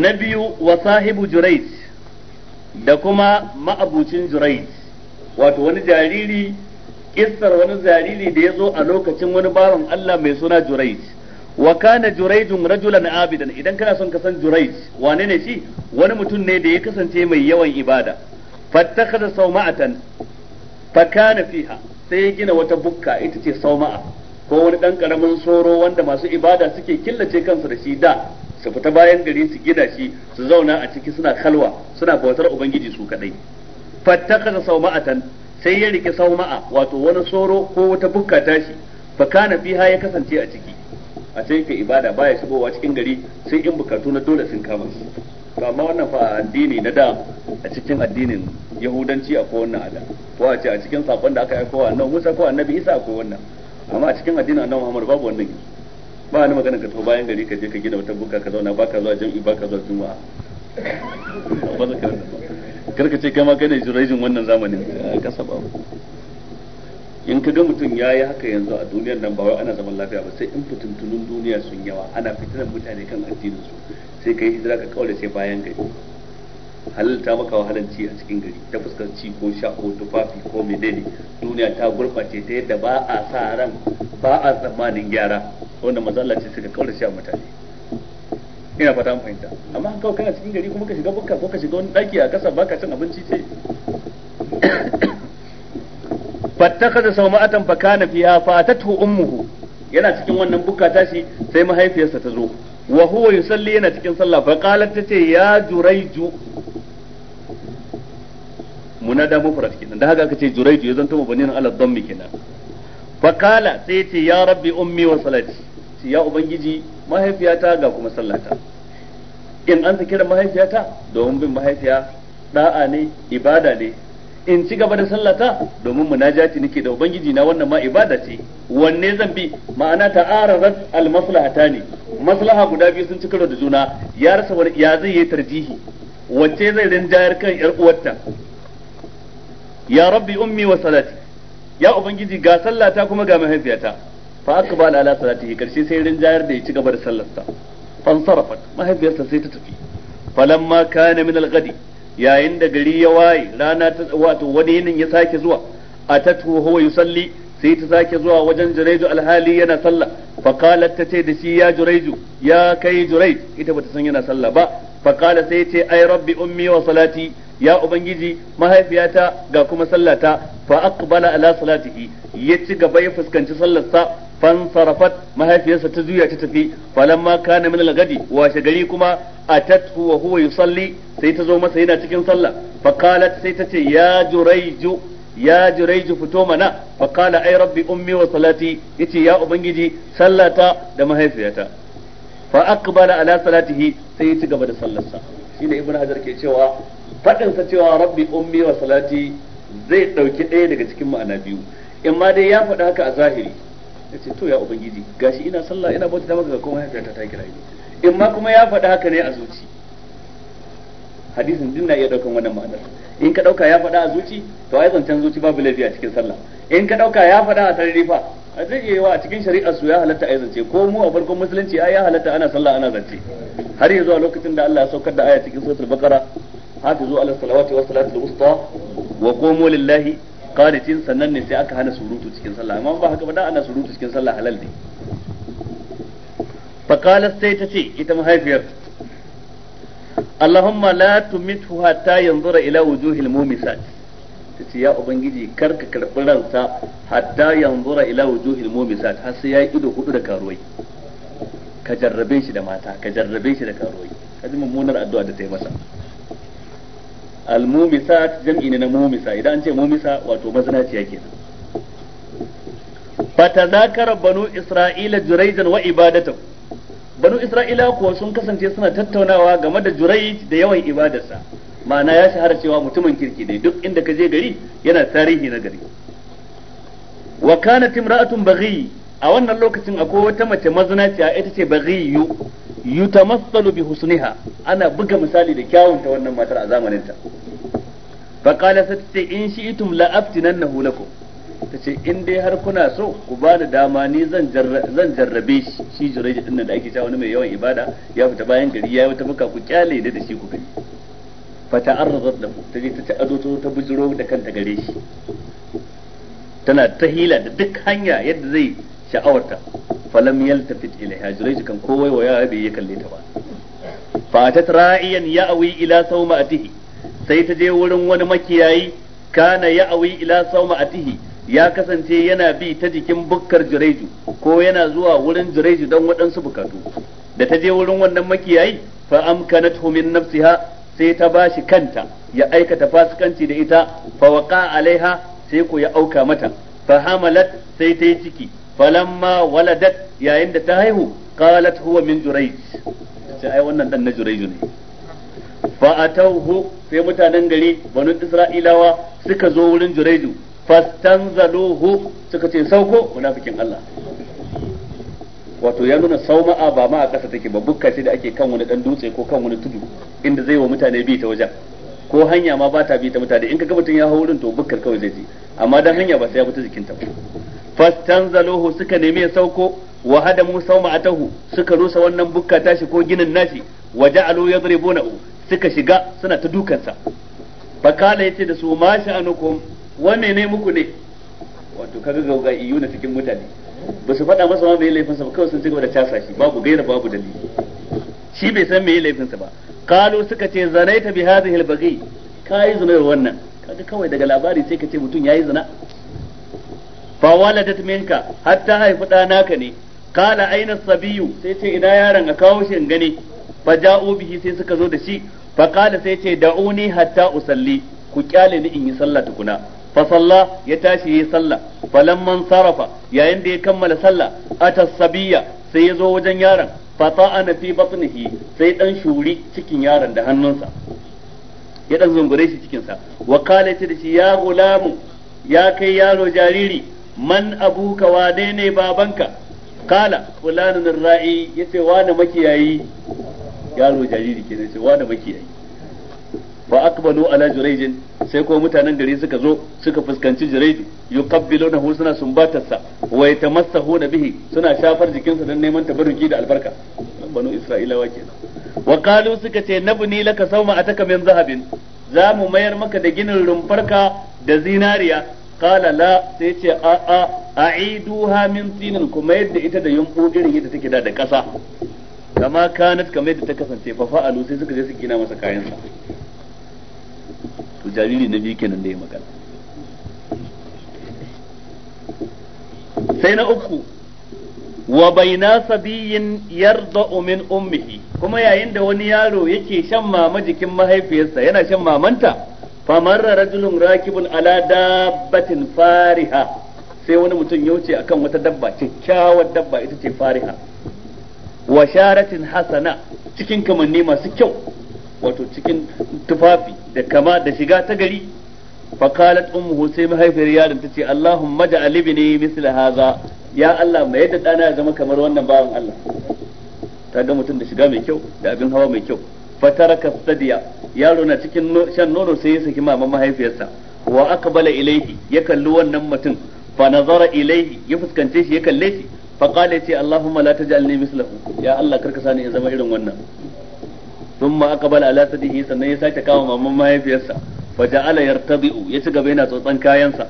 na biyu wa sahibu jurayj da kuma ma'abucin jurayj wato wani jariri kissar wani jariri da ya zo a lokacin wani baron Allah mai suna jurayj wa kana jurayjun rajulan abidan idan kana son ka san jurayj wane ne shi wani mutum ne da ya kasance mai yawan ibada fattakhadha sawma'atan fa kana fiha sai ya gina wata bukka ita ce sawma'a ko wani dan karamin soro wanda masu ibada suke killace kansu da shi da su fita bayan gari su gina shi su zauna a ciki suna kalwa suna bautar ubangiji su kadai fattakaza sauma'atan sai ya rike sauma'a wato wani soro ko wata bukka tashi fa kana fiha ya kasance a ciki a ce ka ibada baya shigowa cikin gari sai in bukatu na dole sun kama su to amma wannan fa addini na da a cikin addinin yahudanci akwai wannan ala. ko a ce a cikin sakon da aka aiko wa annabi Musa ko annabi Isa akwai wannan amma a cikin addinin annabi Muhammad babu wannan gizo. ba wani magana ka tafi bayan gari ka je ka gina wata buka ka zauna ba ka zuwa jam'i ba ka zuwa juma'a ba za ka kar ka ce kai ma kana jirajin wannan zamanin kasa ba in ka ga mutum ya yi haka yanzu a duniyar nan ba wai ana zaman lafiya ba sai in fitintunun duniya sun yawa ana fitinan mutane kan addinin su sai ka yi hijira ka kaure sai bayan gari halalta maka wahalar ci a cikin gari ta fuskar ci ko sha ko tufafi ko menene duniya ta gurbace ta yadda ba a sa ran ba a tsammanin gyara wanda mazalla ce suka kaura a mutane ina fata an fahimta amma an kawo kana cikin gari kuma ka shiga bukka ko ka shiga wani daki a kasa baka cin abinci ce fattakaza sauma'atan fakana fiha fa ummuhu yana cikin wannan bukka tashi sai mahaifiyarsa ta zo wa huwa yusalli yana cikin sallah fa qalat tace ya juraiju munada mufrad kenan da haka aka ce juraiju ya zanto nan ala dhammi kenan fa qala sai yace ya rabbi ummi wa salati ce ya ubangiji mahaifiyata ga kuma sallata in an ta da mahaifiyata domin bin mahaifiya da'a ne ibada ne in ci gaba da sallata domin munajati nake da ubangiji na wannan ma ibada ce wanne zan bi ma'ana ta'ararat al ne. maslaha guda biyu sun ci karo da juna ya rasa wani ya zai yi tarjihi wacce zai jayar kan yar uwarta ya rabbi ummi wa salati ya ubangiji ga sallata kuma ga mahaifiyata fa akbala ala salatihi karshe sai jayar da ya ci gaba da sallarsa fansarafat mahaifiyarsa sai ta tafi falamma kana min al yayin da gari ya waye rana ta wato wani yinin ya sake zuwa tuho ya salli, sai ta sake zuwa wajen Jurayju alhali yana sallah fa qalat ce da shi ya jiraidu, ya kai jurej ita bata san yana sallah ba fa qala sai ce ai rabbi ummi wa salati ya ubangiji mahaifiyata ga kuma sallata fa aqbala ala salatihi ya ci gaba ya fuskanci sallarsa fansarafat mahaifiyarsa ta zuya ta tafi falamma kana min lagadi Wa washe kuma atatu wa huwa yusalli sai ta zo masa yana cikin sallah fa qalat sai ta ce ya juraiju ya juraiju fito mana fa qala ay rabbi ummi wa salati yace ya ubangiji sallata da mahaifiyata fa aqbala ala salatihi sai ya ci gaba da sallarsa shine ibnu hajar ke cewa fadin sa cewa rabbi ummi wa salati zai dauki ɗaya daga cikin ma'ana biyu in dai ya faɗi haka a zahiri ce to ya ubangiji gashi ina sallah ina bauta ta maka kuma haka ta kira ni in ma kuma ya faɗi haka ne a zuci hadisin din na iya daukan wannan ma'anar in ka dauka ya faɗa a zuci to ai zancen zuci babu laifi a cikin sallah in ka dauka ya faɗa a sarari fa a zai wa a cikin shari'ar su ya halatta ai zance ko mu a farkon musulunci ai ya halatta ana sallah ana zance har yanzu a lokacin da Allah ya saukar da aya cikin suratul baqara hafizu ala salawati was salatul wusta wa qumu lillahi qanitin sannan ne sai aka hana surutu cikin sallah amma ba haka ba dan ana surutu cikin sallah halal ne fa qalat sai ta ce ita mahaifiyar Allahumma la tumithu hatta yanzura ila wujuhil mu'minat tace ya ubangiji kar ka karbi ransa hatta yanzura ila wujuhil mu'minat har sai ya ido hudu da karuwai ka jarrabe shi da mata ka jarrabe shi da karuwai kaji mummunar addu'a da ta yi masa Almumisa jam'i ne na mumisa idan an ce mumisa wato mazinaciya kenan fatazakara banu isra'ila jurayjan wa ibadatahu banu isra'ila kuwa sun kasance suna tattaunawa game da jurayj da yawan ibadarsa ma'ana ya shahara cewa mutumin kirki ne duk inda ka je gari yana tarihi na gari wa kanat imra'atun baghi a wannan lokacin akwai wata mace mazinaciya ita ce baghiyu yutamassalu bi husniha ana buga misali da kyawun ta wannan matar a zamanin ta fa qala ce in shi'tum la aftinannahu lakum tace in dai har kuna so ku ba da dama ni zan jarrabe shi shi juraiji din da ake cewa wani mai yawan ibada ya fita bayan gari yayi wata buka ku kyale da shi ku gani fa ta'arradat lahu taje ta ta ado ta bujiro da kanta gare shi tana ta hila da duk hanya yadda zai sha'awarta falam yaltafit ilaiha jurayj kan kowai wa ya bai kalle ta ba fatat ra'iyan ya'awi ila sauma'atihi sai ta je wurin wani makiyayi kana ya'awi ila sauma'atihi ya kasance yana bi ta jikin bukkar jiraiju ko yana zuwa wurin jiraiju don waɗansu bukatu da ta je wurin wannan makiyayi fa na min nafsiha sai ta bashi kanta ya aikata fasikanci da ita fa waqa alaiha sai ku ya auka mata fa hamalat sai ta yi ciki falamma waladat yayin da ta haihu qalat huwa min jurayj ai wannan dan na jurayj ne fa atawhu sai mutanen gari banu isra'ilawa suka zo wurin jurayj fastanzaluhu suka ce sauko munafikin Allah wato ya nuna sauma'a ba ma a ƙasa take ba bukka shi da ake kan wani dan dutse ko kan wani tudu inda zai wa mutane bi ta wajen ko hanya ma ba ta bi ta mutane in ka ga ya hau wurin to bukkar kawai zai ji amma dan hanya ba sai ya fita ta ba fastanzaluhu suka nemi ya sauko wa sauma atahu suka rusa wannan bukka tashi ko ginin nashi wa ja'alu yadribunahu suka shiga suna ta dukansa fakala yace da su ma sha'anukum wanne ne muku ne wato kaga gauga iyu na cikin mutane ba su faɗa masa ma mai laifinsa ba kawai sun ci gaba da casa shi babu gaira babu dalili shi bai san mai laifinsa ba kalu suka ce zanaita bi hadhihi albaghi kai zinar wannan kaga kawai daga labari sai ka ce mutum yayi zina fa waladat minka hatta haifi ɗana naka ne kala aina sabiyu sai ce ina yaron a kawo shi in gane fa ja'u bihi sai suka zo da shi fa kala sai ce da'uni hatta usalli ku kyale ni in yi sallah tukuna fa salla ya tashi yi sallah lamman sarafa yayin da ya kammala sallah atas Sabiyya sai ya zo wajen yaron fa ta'ana fi batnihi sai dan shuri cikin yaron da hannunsa ya dan zungure shi cikin sa wa kala ce da shi ya gulamu ya kai yaro jariri man abuka wane ne babanka kala fulanin ra'i yace wane makiyayi yaro jariri kenan wa wane makiyayi fa aqbalu ala jurayjin sai ko mutanen gari suka zo suka fuskanci jurayju yuqabbilunahu suna sumbatarsa wa yatamassahuna bihi suna shafar jikinsa don neman tabarruki da albarka banu isra'ilawa kenan wa qalu suka ce nabni laka sawma ataka min zahabin za mu mayar maka da ginin rumfarka da zinariya qala la sai ce a a a'iduha min tinin kuma yadda ita da yumbu irin yadda take da da kasa kama kanat kama yadda ta kasance fa fa'alu sai suka je su gina masa kayan sa to jariri na biye kenan da ya magana sai na uku wa baina sabiyin yarda'u min ummihi kuma yayin da wani yaro yake shan mama jikin mahaifiyarsa yana shan mamanta famarra rajulun rakibun ala dabbatin fariha sai wani mutum ya wuce akan wata dabba kyakkyawar dabba ita ce fariha wa sharatin hasana cikin kamanni masu kyau wato cikin tufafi da kama da shiga ta gari fakalat ummuhu sai mahaifiyar yaron ta ce Allahumma ja'al ibni misla haza ya Allah mai yadda dana ya zama kamar wannan bawan Allah ta ga mutum da shiga mai kyau da abin hawa mai kyau fataraka sadiya yaro na cikin shan nono sai ya saki maman mahaifiyarsa wa bala ilaihi ya kalli wannan mutum fa nazara ilaihi ya fuskance shi ya kalle shi fa qala ce allahumma la taj'alni mislahu ya allah karka sani in zama irin wannan thumma aqbala ala sadihi sannan ya sake kawo maman mahaifiyarsa fa ja'ala yartabi'u ya ci gaba yana tsotsan kayansa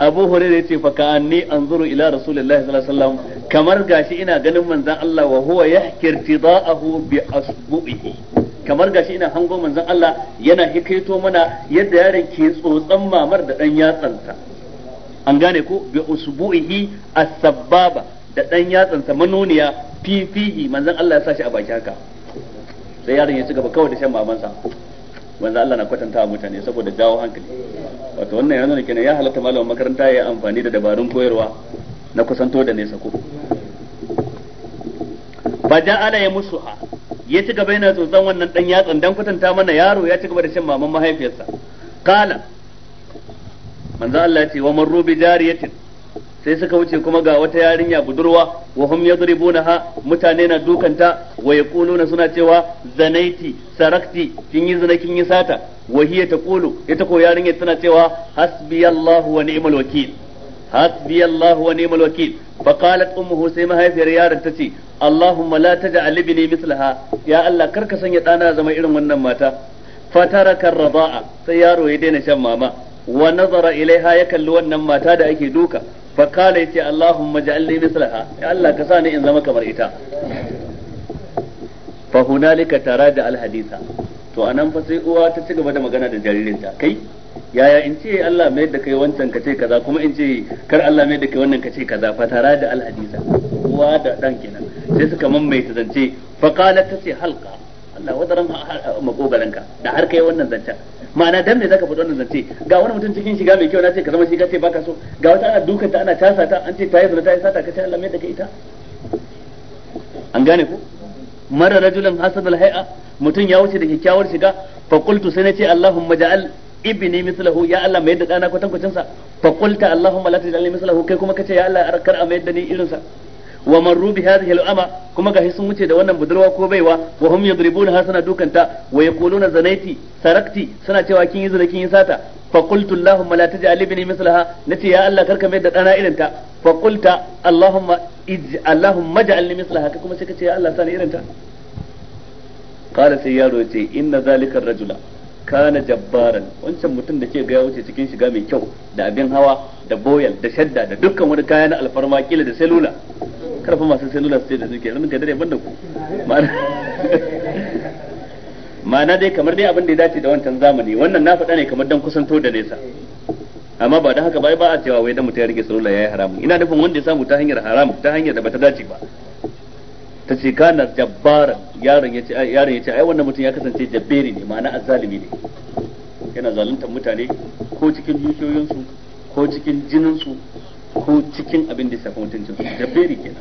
abu hurairah ya ce fa ka'anni anzuru ila rasulillahi sallallahu alaihi wasallam kamar gashi ina ganin manzan Allah wa huwa yahkir tida'ahu bi asbu'ihi kamar gashi ina hango manzan Allah yana hikaito mana yadda yaron ke tsotsan mamar da dan yatsanta an gane ko bi usbu'ihi as-sababa da dan yatsanta manoniya fifihi manzan Allah ya sa shi a baki haka sai yaron ya ci gaba kawai da shan mamansa manzan Allah na kwatanta mutane saboda jawo hankali wato wannan yana nuna kenan ya halatta malamin makaranta ya amfani da dabarun koyarwa na kusanto da nesa ko ala ya musu ha ya ci gaba yana tsotsan wannan dan yatsan dan kwatanta mana yaro ya ci gaba da shan maman mahaifiyarsa kala manzo Allah ya ce wa marru bi jariyatin sai suka wuce kuma ga wata yarinya budurwa wa hum yadribunaha mutane na dukanta wa yaquluna suna cewa zanaiti sarakti kin yi zina kin yi sata wa hiya taqulu ita ko yarinya tana cewa hasbiyallahu wa ni'mal wakil حسبي Allahu ونعم wakil فقالت امه sai mahaifiyar yaron tace Allahumma la taj'al ibni mislaha ya Allah karka sanya dana zama irin wannan mata fataraka ar sai yaro ya daina shan mama wa nazara ilaiha ya kalli wannan mata da ake duka fa kala yace Allahumma ja'alni mislaha ya Allah ka sani in zama kamar ita fa hunalika da al-haditha to nan fa sai uwa ta ci gaba da magana da jaririnta kai yaya in ce Allah mai da kai wancan ka ce kaza kuma in ce kar Allah mai da kai wannan ka ce kaza fatara da alhadisa uwa da dan kenan sai suka mamaita zance fa qalat tace halqa Allah wadaran uh, makogaranka da har kai wannan zancen ma'ana dan ne zaka faɗi wannan zance ga wani mutum cikin shiga mai kyau na ce ka zama shi ka ce baka so ga wata ana dukanta ana tasa ta an ce ta yi zina ta yi sata ka ce Allah mai da kai ita an gane ku mara rajulan hasabul hay'a mutum ya wuce da kyakkyawar shiga fa qultu sai na ce Allahumma ja'al ibni mislahu ya Allah mai da dana kwatankwacin sa fa qulta allahumma la taj'alni mislahu kai kuma kace ya Allah kar a mai da ni irin sa wa marru rubi hadhihi al kuma gashi sun wuce da wannan budurwa ko baiwa wa hum yadribuna ha suna dukanta wa yaquluna zanaiti sarakti suna cewa kin yi zina kin yi sata fa qultu allahumma la taj'al ibni mislaha nace ya Allah karka mai da dana irin ta fa qulta allahumma ij allahumma ja'alni mislaha kuma sai kace ya Allah sani irin ta qala sai yaro inna zalika rajula kana jabbaran wancan mutum da ke ga ya wuce cikin shiga mai kyau da abin hawa da boyal da shadda da dukkan wani kaya na alfarma kila da selula karfa masu selula su ce da suke ranar kai dare ban da ku ma'ana dai kamar dai abin da ya dace da wancan zamani wannan na faɗa ne kamar dan kusanto da nesa amma ba da haka ba ba a cewa wai dan mutum ya rike selula yayi haramun ina nufin wanda ya samu ta hanyar haramu ta hanyar da bata dace ba ta ce kana jabbaran yaron ya ce yaron ya ce ai wannan mutum ya kasance jabberi ne ma'ana azzalimi ne yana zaluntar mutane ko cikin dukiyoyinsu ko cikin jininsu ko cikin abin da ya shafi mutuncin su jabberi kenan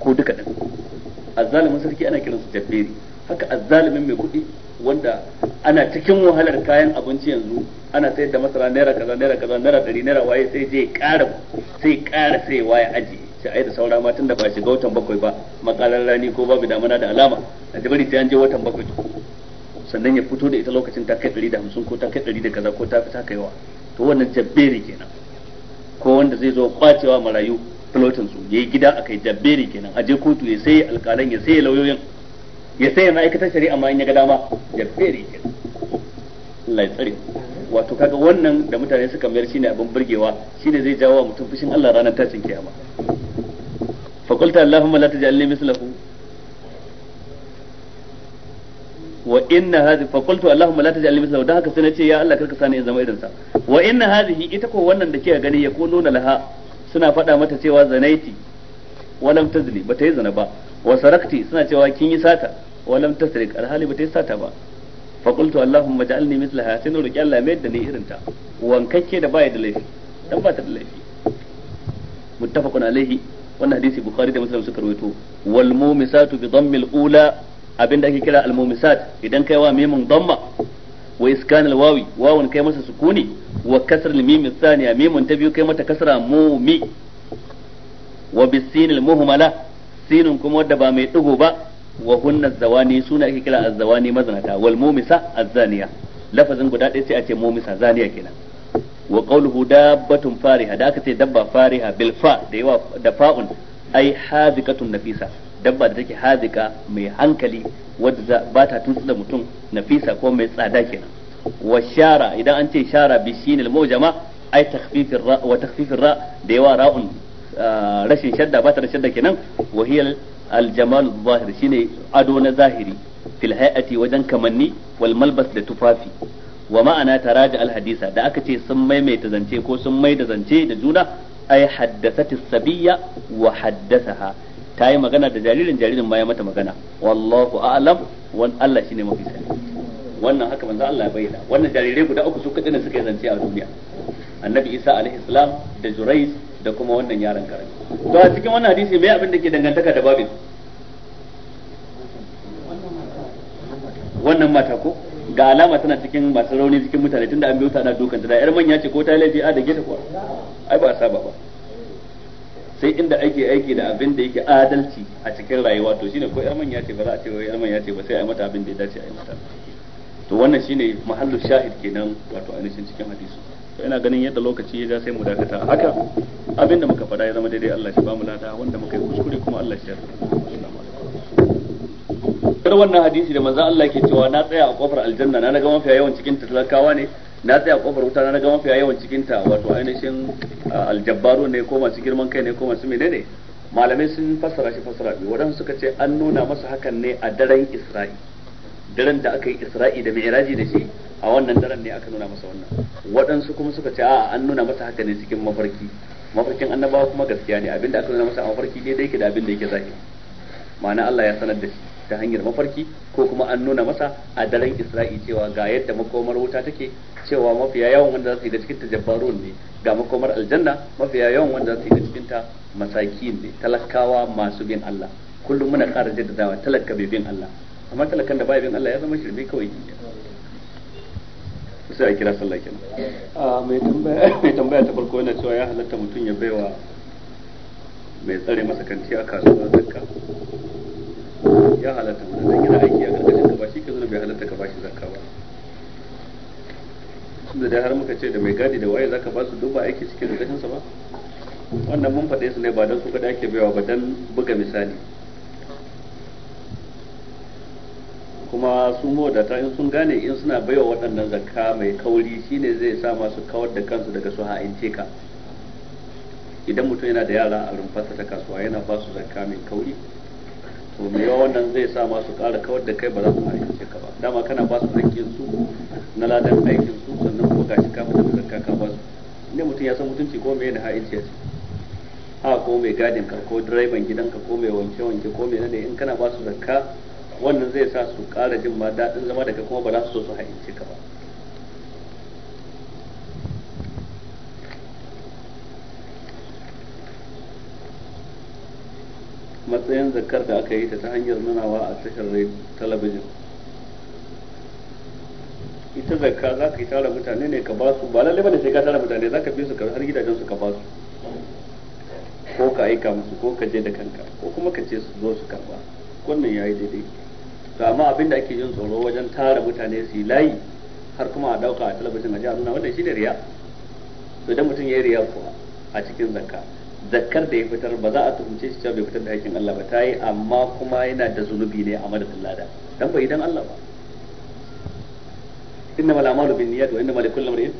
ko duka din azzalimin sarki ana kiransu jabberi haka azzalimin mai kuɗi wanda ana cikin wahalar kayan abinci yanzu ana sayar da masara naira kaza naira kaza naira ɗari naira waye sai je ƙara sai ƙara sai waya ajiye sai yi da saura ma da ba shiga watan bakwai ba makalar rani ko babu damana da alama a jibari sai an je watan bakwai sannan ya fito da ita lokacin ta kai ɗari da hamsin ko ta kai ɗari da kaza ko ta ta kaiwa to wannan jabberi kenan ko wanda zai zo kwacewa marayu filotin su yayi gida a kai jabberi kenan aje kotu ya sai alƙalan ya sai lauyoyin ya sai ma'aikatar shari'a ma in ya ga dama jabberi kenan Allah ya tsare wato kaga wannan da mutane suka mayar shine abin burgewa shine zai jawo mutum fushin Allah ranar tashin kiyama fa qulta allahumma la taj'alni mislahu wa inna hadhi fa qultu allahumma la taj'alni mislahu dan haka sai nace ya Allah karka sani in zama irin sa wa inna hadhihi ita ko wannan da kika gani ya kuluna laha suna fada mata cewa zanaiti walam tazni bata yi zana ba wa sarakti suna cewa kin yi sata walam tasrik alhali bata yi sata ba fa qultu allahumma ja'alni mithlaha sai na roki Allah mai da ni irin ta wankakke da baya da laifi dan ba ta da laifi muttafaqun alaihi wannan hadisi bukhari da muslim suka rawaito wal mumisatu bi al ula abinda ake kira al mumisat idan kai wa mimun dhamma wa iskan al wawi wawan kai masa sukuni wa kasr al mim thaniya mimun ta biyu kai mata kasra mumi wa bi sin al muhmala sinun kuma wadda ba mai dugo ba wa hunna zawani suna ake kira az zawani mazanata wal mumisa az zaniya lafazin guda ɗaya sai a ce mumisa zaniya kenan wa qawluhu dabbatun fariha da aka ce dabba fariha bil fa da yawa da fa'un ai hazikatun nafisa dabba da take hazika mai hankali wadda ba ta tutsu da mutum nafisa ko mai tsada kenan wa shara idan an ce shara bi shinil mujama ai takhfifir ra wa takhfifir ra da yawa ra'un ah, rashin shadda ba ta da shadda kenan wa hiya al jamal zahir shine ado na zahiri fil hay'ati wajen kamanni wal malbas da tufafi wa ma'ana taraja alhadisa da aka ce sun maimaita zance ko sun maida zance da juna ai haddasati sabiyya wa haddasaha ta yi magana da jaririn jaririn ma ya mata magana wallahu a'lam wan Allah shine mafi sani wannan haka manzo Allah ya bayyana wannan jarirai guda uku su kadai ne suka yi zance a duniya annabi Isa alaihi salam da Jurayz da kuma wannan yaron karami to a cikin wannan hadisi me abin da ke dangantaka da babin wannan mata ko ga alama tana cikin masu rauni cikin mutane tunda an biyo ta ana dukan da yar manya ce ko ta laifi a da gita kuwa ai ba a saba ba sai inda ake aiki da abin da yake adalci a cikin rayuwa to shine ko yar manya ce ba za a ce wai yar manya ce ba sai a yi mata abin da ya dace a yi mata to wannan shine mahallu shahid kenan wato ainihin cikin hadisi to ina ganin yadda lokaci ya ja sai mu dakata haka abin da muka faɗa ya zama daidai Allah shi ba mu lada wanda muka yi kuskure kuma Allah shi ya ma'anar wannan hadisi da manzo Allah yake cewa na tsaya a kofar aljanna na ga mafiya yawan cikin ta talakawa ne na tsaya a kofar wuta na ga mafiya yawan cikin ta wato ainihin aljabbaru ne ko masu girman kai ne ko masu menene malamai sun fassara shi fassara biyu wadan suka ce an nuna masa hakan ne a daren Isra'i daren da aka yi Isra'i da Mi'raji da shi a wannan daren ne aka nuna masa wannan waɗansu kuma suka ce a'a an nuna masa hakan ne cikin mafarki mafarkin annabawa kuma gaskiya ne abinda aka nuna masa a mafarki ne da yake da abinda yake zahiri ma'ana Allah ya sanar da shi ta hanyar mafarki ko kuma an nuna masa a daren isra'i cewa ga yadda makomar wuta take cewa mafiya yawan wanda za su yi da cikin ta jabbarun ne ga makomar aljanna mafiya yawan wanda za su yi da cikin masaki masakin ne talakawa masu bin Allah kullum muna ƙara jaddadawa talaka bai bin Allah amma talakan da bai bin Allah ya zama shirme kawai sai a kira sallah kenan mai tambaya mai tambaya ta farko yana cewa ya halatta mutum ya baiwa mai tsare masa kanti a kasuwa zakka ya halatta mana dan gina aiki a karkashin ka ba shi ka zo bai halatta ka bashi zakka ba tunda da har muka ce da mai gadi da waye zaka ba su duba aiki cikin karkashin sa ba wannan mun faɗe su ne ba dan su kada ake baiwa ba dan buga misali kuma su mawadata in sun gane in suna baiwa waɗannan zakka mai kauri shine zai sa masu kawar da kansu daga su ha'ince ka idan mutum yana da yara a rumfarsa ta kasuwa yana ba su zakka mai kauri to me yawa wannan zai sa ma su kara kawar da kai ba za su aikace ka ba dama kana ba su hakkin su na ladan aikin su sannan kuma gashi ka da zakka ka ba su ne mutum ya san mutunci ko me da haici yace a ko mai gadin ka ko direban gidan ka ko mai wanke wanke ko mai ne in kana ba su zakka wannan zai sa su kara jin ma daɗin zama da kai kuma ba za su so su haice ka ba matsayin zakar da aka yi ta ta hanyar nunawa a tashar talabijin ita zakka za ka yi tara mutane ne ka basu ba lalle bane sai ka tara mutane za ka bi su har gidajen su ka basu ko ka aika musu ko ka je da kanka ko kuma ka ce su zo su karba kunnan yayi daidai to amma abin da ake yin tsoro wajen tara mutane su yi layi har kuma a dauka a talabijin a ji a nuna wannan ne riya to idan mutum ya yi riya kuwa a cikin zakka zakkar da ya fitar ba za a tuhumce shi cewa bai fitar da aikin Allah ba tayi amma kuma yana da zunubi ne a madadin lada dan bai idan Allah ba inna mal amalu bin niyyat wa inna mal kullu imrin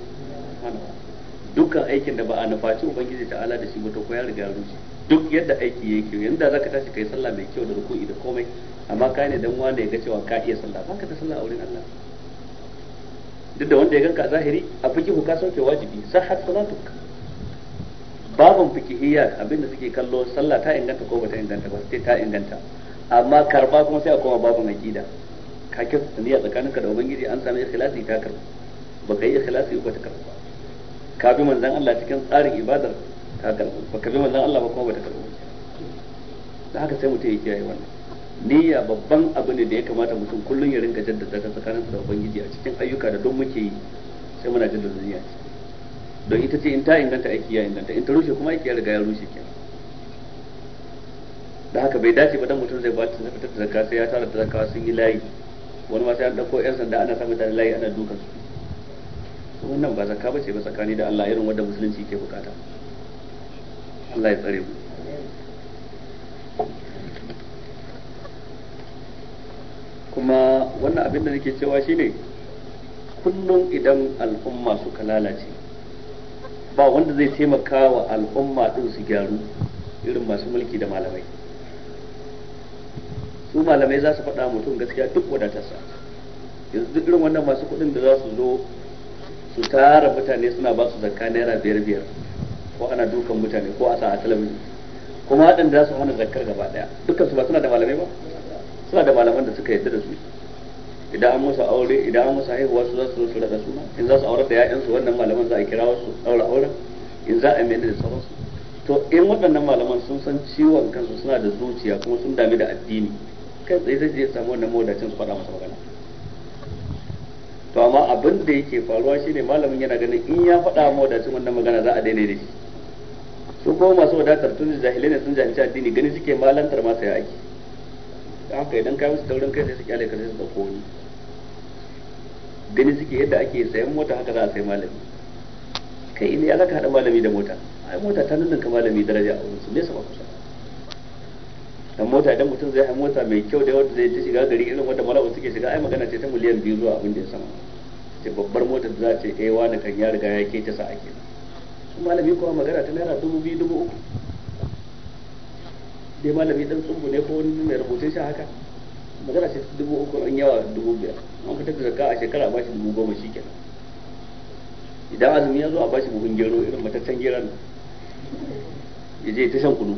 dukkan aikin da ba a nufaci ubangiji ala da shi ba to ko ya riga ruci duk yadda aiki yake yanda zaka tashi kai sallah mai kyau da ruku'i da komai amma ka ne dan wanda ya ga cewa ka iya sallah ba ka ta sallah a wurin Allah duk da wanda ya ganka zahiri a fikihu ka sauke wajibi sahhat salatuka babin fikihiyya abinda suke kallo sallah ta inganta ko bata inganta ba sai ta inganta amma karba kuma sai a koma babin aqida ka kyautata niyya tsakaninka da ubangiji an sami ikhlasi ta karba baka yi ikhlasi ba ta karba ka bi manzon Allah cikin tsarin ibadar ta karba baka bi manzon Allah ba kuma bata karba da haka sai mutum ya kiyaye wannan niyya babban abu ne da ya kamata mutum kullum ya rinka jaddada ta tsakaninsa da ubangiji a cikin ayyuka da don muke yi sai muna jaddada niyya ce don ita ce in ta inganta aiki ya inganta in ta rushe kuma aiki ya riga ya rushe kenan da haka bai dace ba dan mutum zai bata ta fitar da zaka sai ya tara da sun yi layi wani ma sai an dauko yan sanda ana samun da layi ana dukan su wannan ba ba bace ba tsakani da Allah irin wanda musulunci ke bukata Allah ya tsare mu kuma wannan abin da nake cewa shine kullum idan al'umma suka lalace ba wanda zai taimaka wa al'umma din su gyaru irin masu mulki da malamai su malamai za su faɗa mutum gaskiya duk wadatarsa yanzu duk irin wannan masu kuɗin da za su zo su tara mutane suna ba su zakka naira biyar biyar ko ana dukan mutane ko a sa a talabijin kuma waɗanda za su hana zakkar gaba ɗaya dukkan su ba suna da malamai ba suna da malaman da suka yadda da su idan an musu aure idan an musu haihuwa su za su zo su rada suna in za su aure da ƴaƴansu wannan malaman za a kira wasu aure-aure in za a mene da sauransu to in waɗannan malaman sun san ciwon kansu suna da zuciya kuma sun dami da addini kai tsaye zai je samu wannan mawadacin su faɗa masa magana to amma abin da yake faruwa shine malamin yana ganin in ya faɗa mawadacin wannan magana za a daina da shi su kuma masu wadatar tun jahilai ne sun jahilci addini gani suke malantar masa ya ake haka idan ka musu taurin kai sai su kyale kai sai su ɗauko wani gani suke yadda ake sayan mota haka za a sai malami kai ina ya zaka hada malami da mota ai mota ta nuna ka malami daraja a wurinsu nesa ba kusa dan mota idan mutum zai haɗa mota mai kyau da wanda zai ta shiga gari irin wanda malamu suke shiga ai magana ce ta miliyan biyu zuwa abin da ya sama ce babbar mota da za ce eh wani kan ya riga ya ta sa ake su malami kuma magana ta naira dubu biyu dubu uku dai malami dan tsumbu ne ko wani mai rubutun shi haka magana ce dubu uku in yawa dubu biyar an ka da zakka a shekara ba bashi dubu goma shi kenan idan azumi ya zo a bashi buhun gero irin mataccen geron ya je ta shan kunu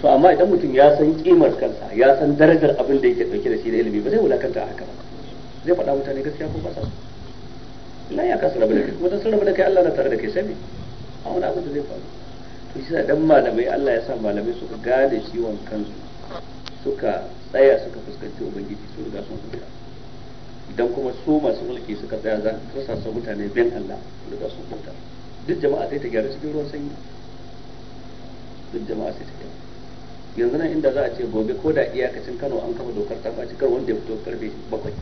to amma idan mutum ya san kimar kansa ya san darajar abin da yake dauke da shi da ilimi ba zai wulakanta a haka ba zai faɗa mutane gaskiya ko ba sa la ya kasu rabu da kai kuma sun rabu da kai Allah na tare da kai sai a wani abin da zai faru to shi sa dan malamai Allah ya sa malamai suka gane ciwon kansu suka tsaya suka fuskanci ubangiji su riga sun kubuta idan kuma su masu mulki suka tsaya za su sassa mutane bin Allah su riga sun kubuta duk jama'a sai ta gyara cikin ruwan sanyi duk jama'a sai ta gyara yanzu nan inda za a ce gobe ko da iyakacin Kano an kafa dokar ta ɓaci kar wanda ya fito karfe bakwai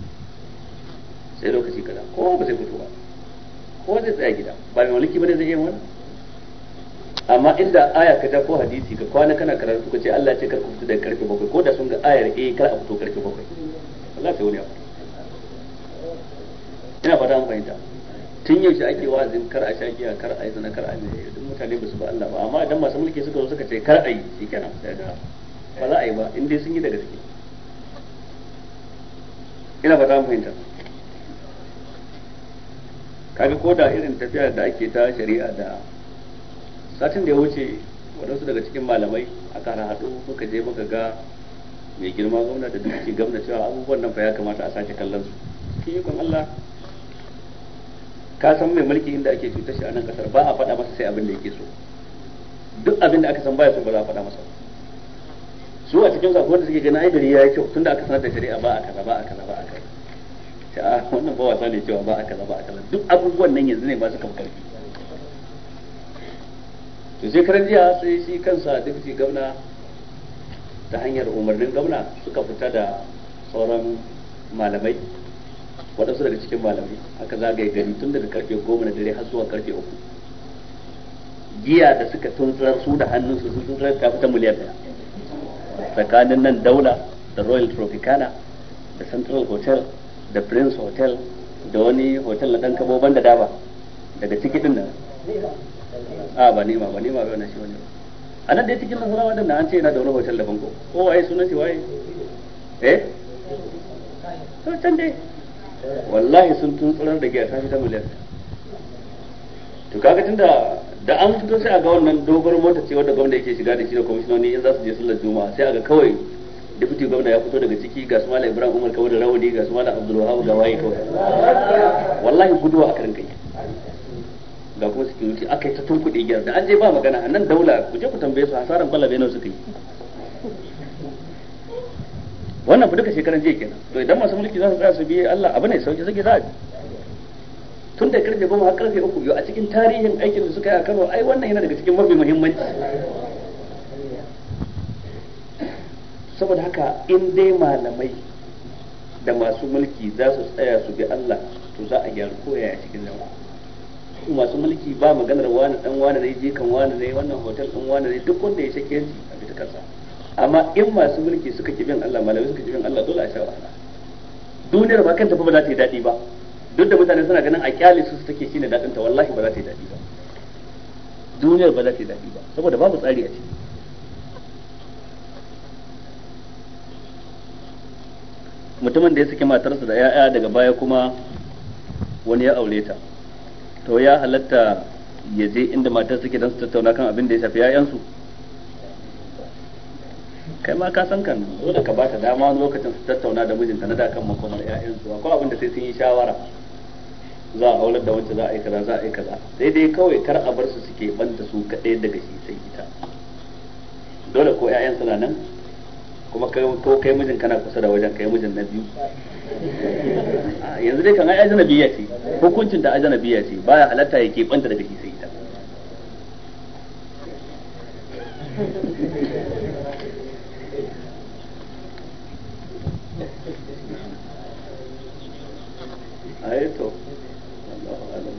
sai lokaci kaza kowa ba zai fito ba kowa zai tsaya gida ba mai mulki ba ne zai iya wani amma inda aya kaza ko hadisi ka kwana kana karatu ka ce Allah ce kar ku fito daga karfe bakwai ko da sun ga ayar eh kar a fito karfe bakwai Allah sai wani abu. ina fata amfani fahimta tun yaushe ake wazin kar a sha giya kar a yi sana kar a yi duk mutane ba su ba Allah ba amma idan masu mulki suka zo suka ce kar a yi shi sai ba za a yi ba in dai sun yi da gaske ina fata amfani fahimta kaga ko da irin tafiya da ake ta shari'a da satin da ya wuce waɗansu daga cikin malamai aka haɗu muka je muka ga mai girma gwamna da duk gwamna cewa abubuwan nan fa ya kamata a sake kallon su cikin kun Allah ka san mai mulki inda ake cutar shi a nan kasar ba a faɗa masa sai abin da yake so duk abin da aka san baya so ba za a faɗa masa su a cikin zakon da suke ganin ai gari yi kyau tunda aka sanar da shari'a ba a kaza ba a kaza ba a kaza ta wannan ba wasa ne cewa ba a kaza ba a kaza duk abubuwan nan yanzu ne ba su kafa karfi to shekaran jiya sai shi kansa dubiti gwamna ta hanyar umarnin gwamna suka fita da sauran malamai waɗansu daga cikin malamai aka zagaye gari tun daga karfe goma na dare har zuwa karfe uku giya da suka tuntsar su da hannunsu sun tuntsar ta fita miliyan ɗaya tsakanin nan daula da royal tropicana da central hotel da prince hotel da wani hotel na ɗan kabo banda daba daga ciki ɗin nan a ah, ba nema ba nema bai shi wani a nan dai cikin nasarawa din da an ce yana da wani hotel da banko ko waye sunan shi waye eh to can dai wallahi sun tsoron da giya tafi ta miliyar to kaga tunda da an fito sai a ga wannan dogon mota ce wadda gwamna yake shiga da shi da kwamishinoni in za su je sallar juma'a sai a ga kawai deputy gwamna ya fito daga ciki ga su malam ibrahim umar kawai da rawani ga su malam abdul wahab ga waye kawai wallahi guduwa a karin kai ga kuma wuce aka yi ta tun kuɗi gyara da an je ba magana a nan daula ku je ku tambaye su hasaran kwalabe nawa suka yi wannan fa duka shekaran jiya kenan to idan masu mulki za su tsaya su biye Allah abu ne sauki suke za a tun da karfe goma har karfe uku a cikin tarihin aikin da suka yi a Kano ai wannan yana daga cikin mafi muhimmanci saboda haka in dai malamai da masu mulki za su tsaya su bi Allah to za a gyara koyaya cikin zama. masu mulki ba maganar wani dan wani ne je kan wani ne wannan hotel din wani ne duk wanda ya shake shi a fita kansa amma in masu mulki suka ki bin Allah malamai suka ki bin Allah dole a sha wahala duniyar ba kanta ba za ta yi dadi ba duk da mutane suna ganin a kyale su take shine dadin ta wallahi ba za ta yi dadi ba duniyar ba za ta yi dadi ba saboda babu tsari a ciki mutumin da ya saki matarsa da 'ya'ya daga baya kuma wani ya aure ta to ya halatta ya je inda matar suke don su tattauna kan abin da ya shafi yayansu kai ma ka san kan dole ka bata dama wani lokacin su tattauna da mijinta na da kan makonar yayansu akwai abin da sai sun yi shawara za a aular da wacce za a yi kaza za a yi kaza sai dai kawai kar a bar su suke banta su kaɗai daga shi sai ita dole ko yayan suna nan kuma ko kai mijin kana kusa da wajen kai mijin na biyu yanzu dai kan ajnabiya ce hukuncin da ajnabiya ce baya halatta yake banta daga kike sai ita ai to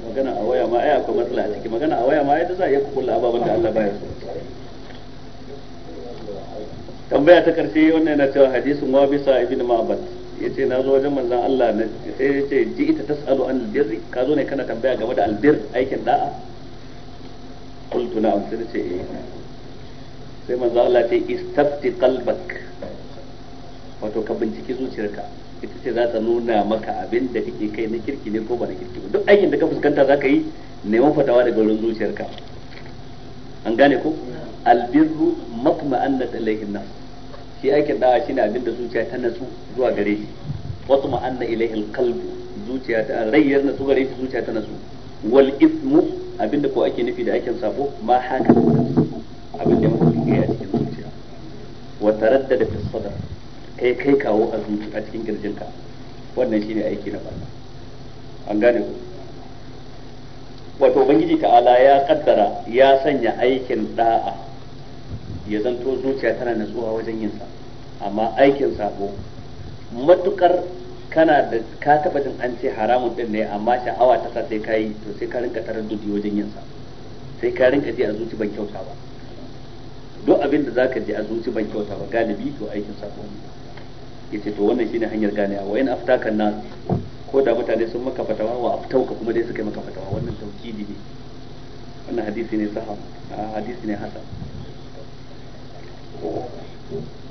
magana a waya ma ai akwai matsala a ciki magana a waya ma ai ta za a iya kukulla ababen da Allah baya so tambaya ta karshe wannan yana cewa hadisin wa bisa ibn ma'bad yace na zo wajen manzon Allah na sai yace ji ita tasalu an albirri ka zo ne kana tambaya game da albir aikin da'a qultu na'am sai ce eh sai manzon Allah ce istafti qalbak wato ka binciki zuciyarka ita ce za ta nuna maka abin da kake kai na kirki ne ko ba na kirki duk aikin da ka fuskanta za ka yi neman fatawa daga wurin zuciyarka an gane ko albirru matma'annat ilayhi an-nafs shi aikin da'a shine abin da zuciya ta natsu zuwa gare shi watma'anna ilayhi al-qalb zuciya ta rayyar natsu gare shi zuciya ta natsu wal ismu abinda ko ake nufi da aikin sabo ma haka abin da mutum ya a cikin zuciya wa taraddada fi sadr kai kai kawo a zuciya a cikin kirjinka wannan shine aiki na farko an gane ku wato ubangiji ta'ala ya kaddara ya sanya aikin da'a ya zanto zuciya tana natsuwa wajen yin sa amma aikin ko matukar kana da ka taba jin an ce haramun din ne amma sha'awa ta sa sai ka yi to sai ka rinka taraddudi wajen yin sa sai ka rinka ji a zuci ban kyauta ba duk abin da zaka ji a zuci ban kyauta ba galibi to aikin sabo ne yace to wannan shine hanyar gane wa in aftaka na ko da mutane sun maka fatawa wa aftauka kuma dai suka yi maka fatawa wannan tauki ne wannan hadisi ne sahih hadisi ne hasan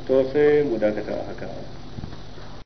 to sai mu dakata haka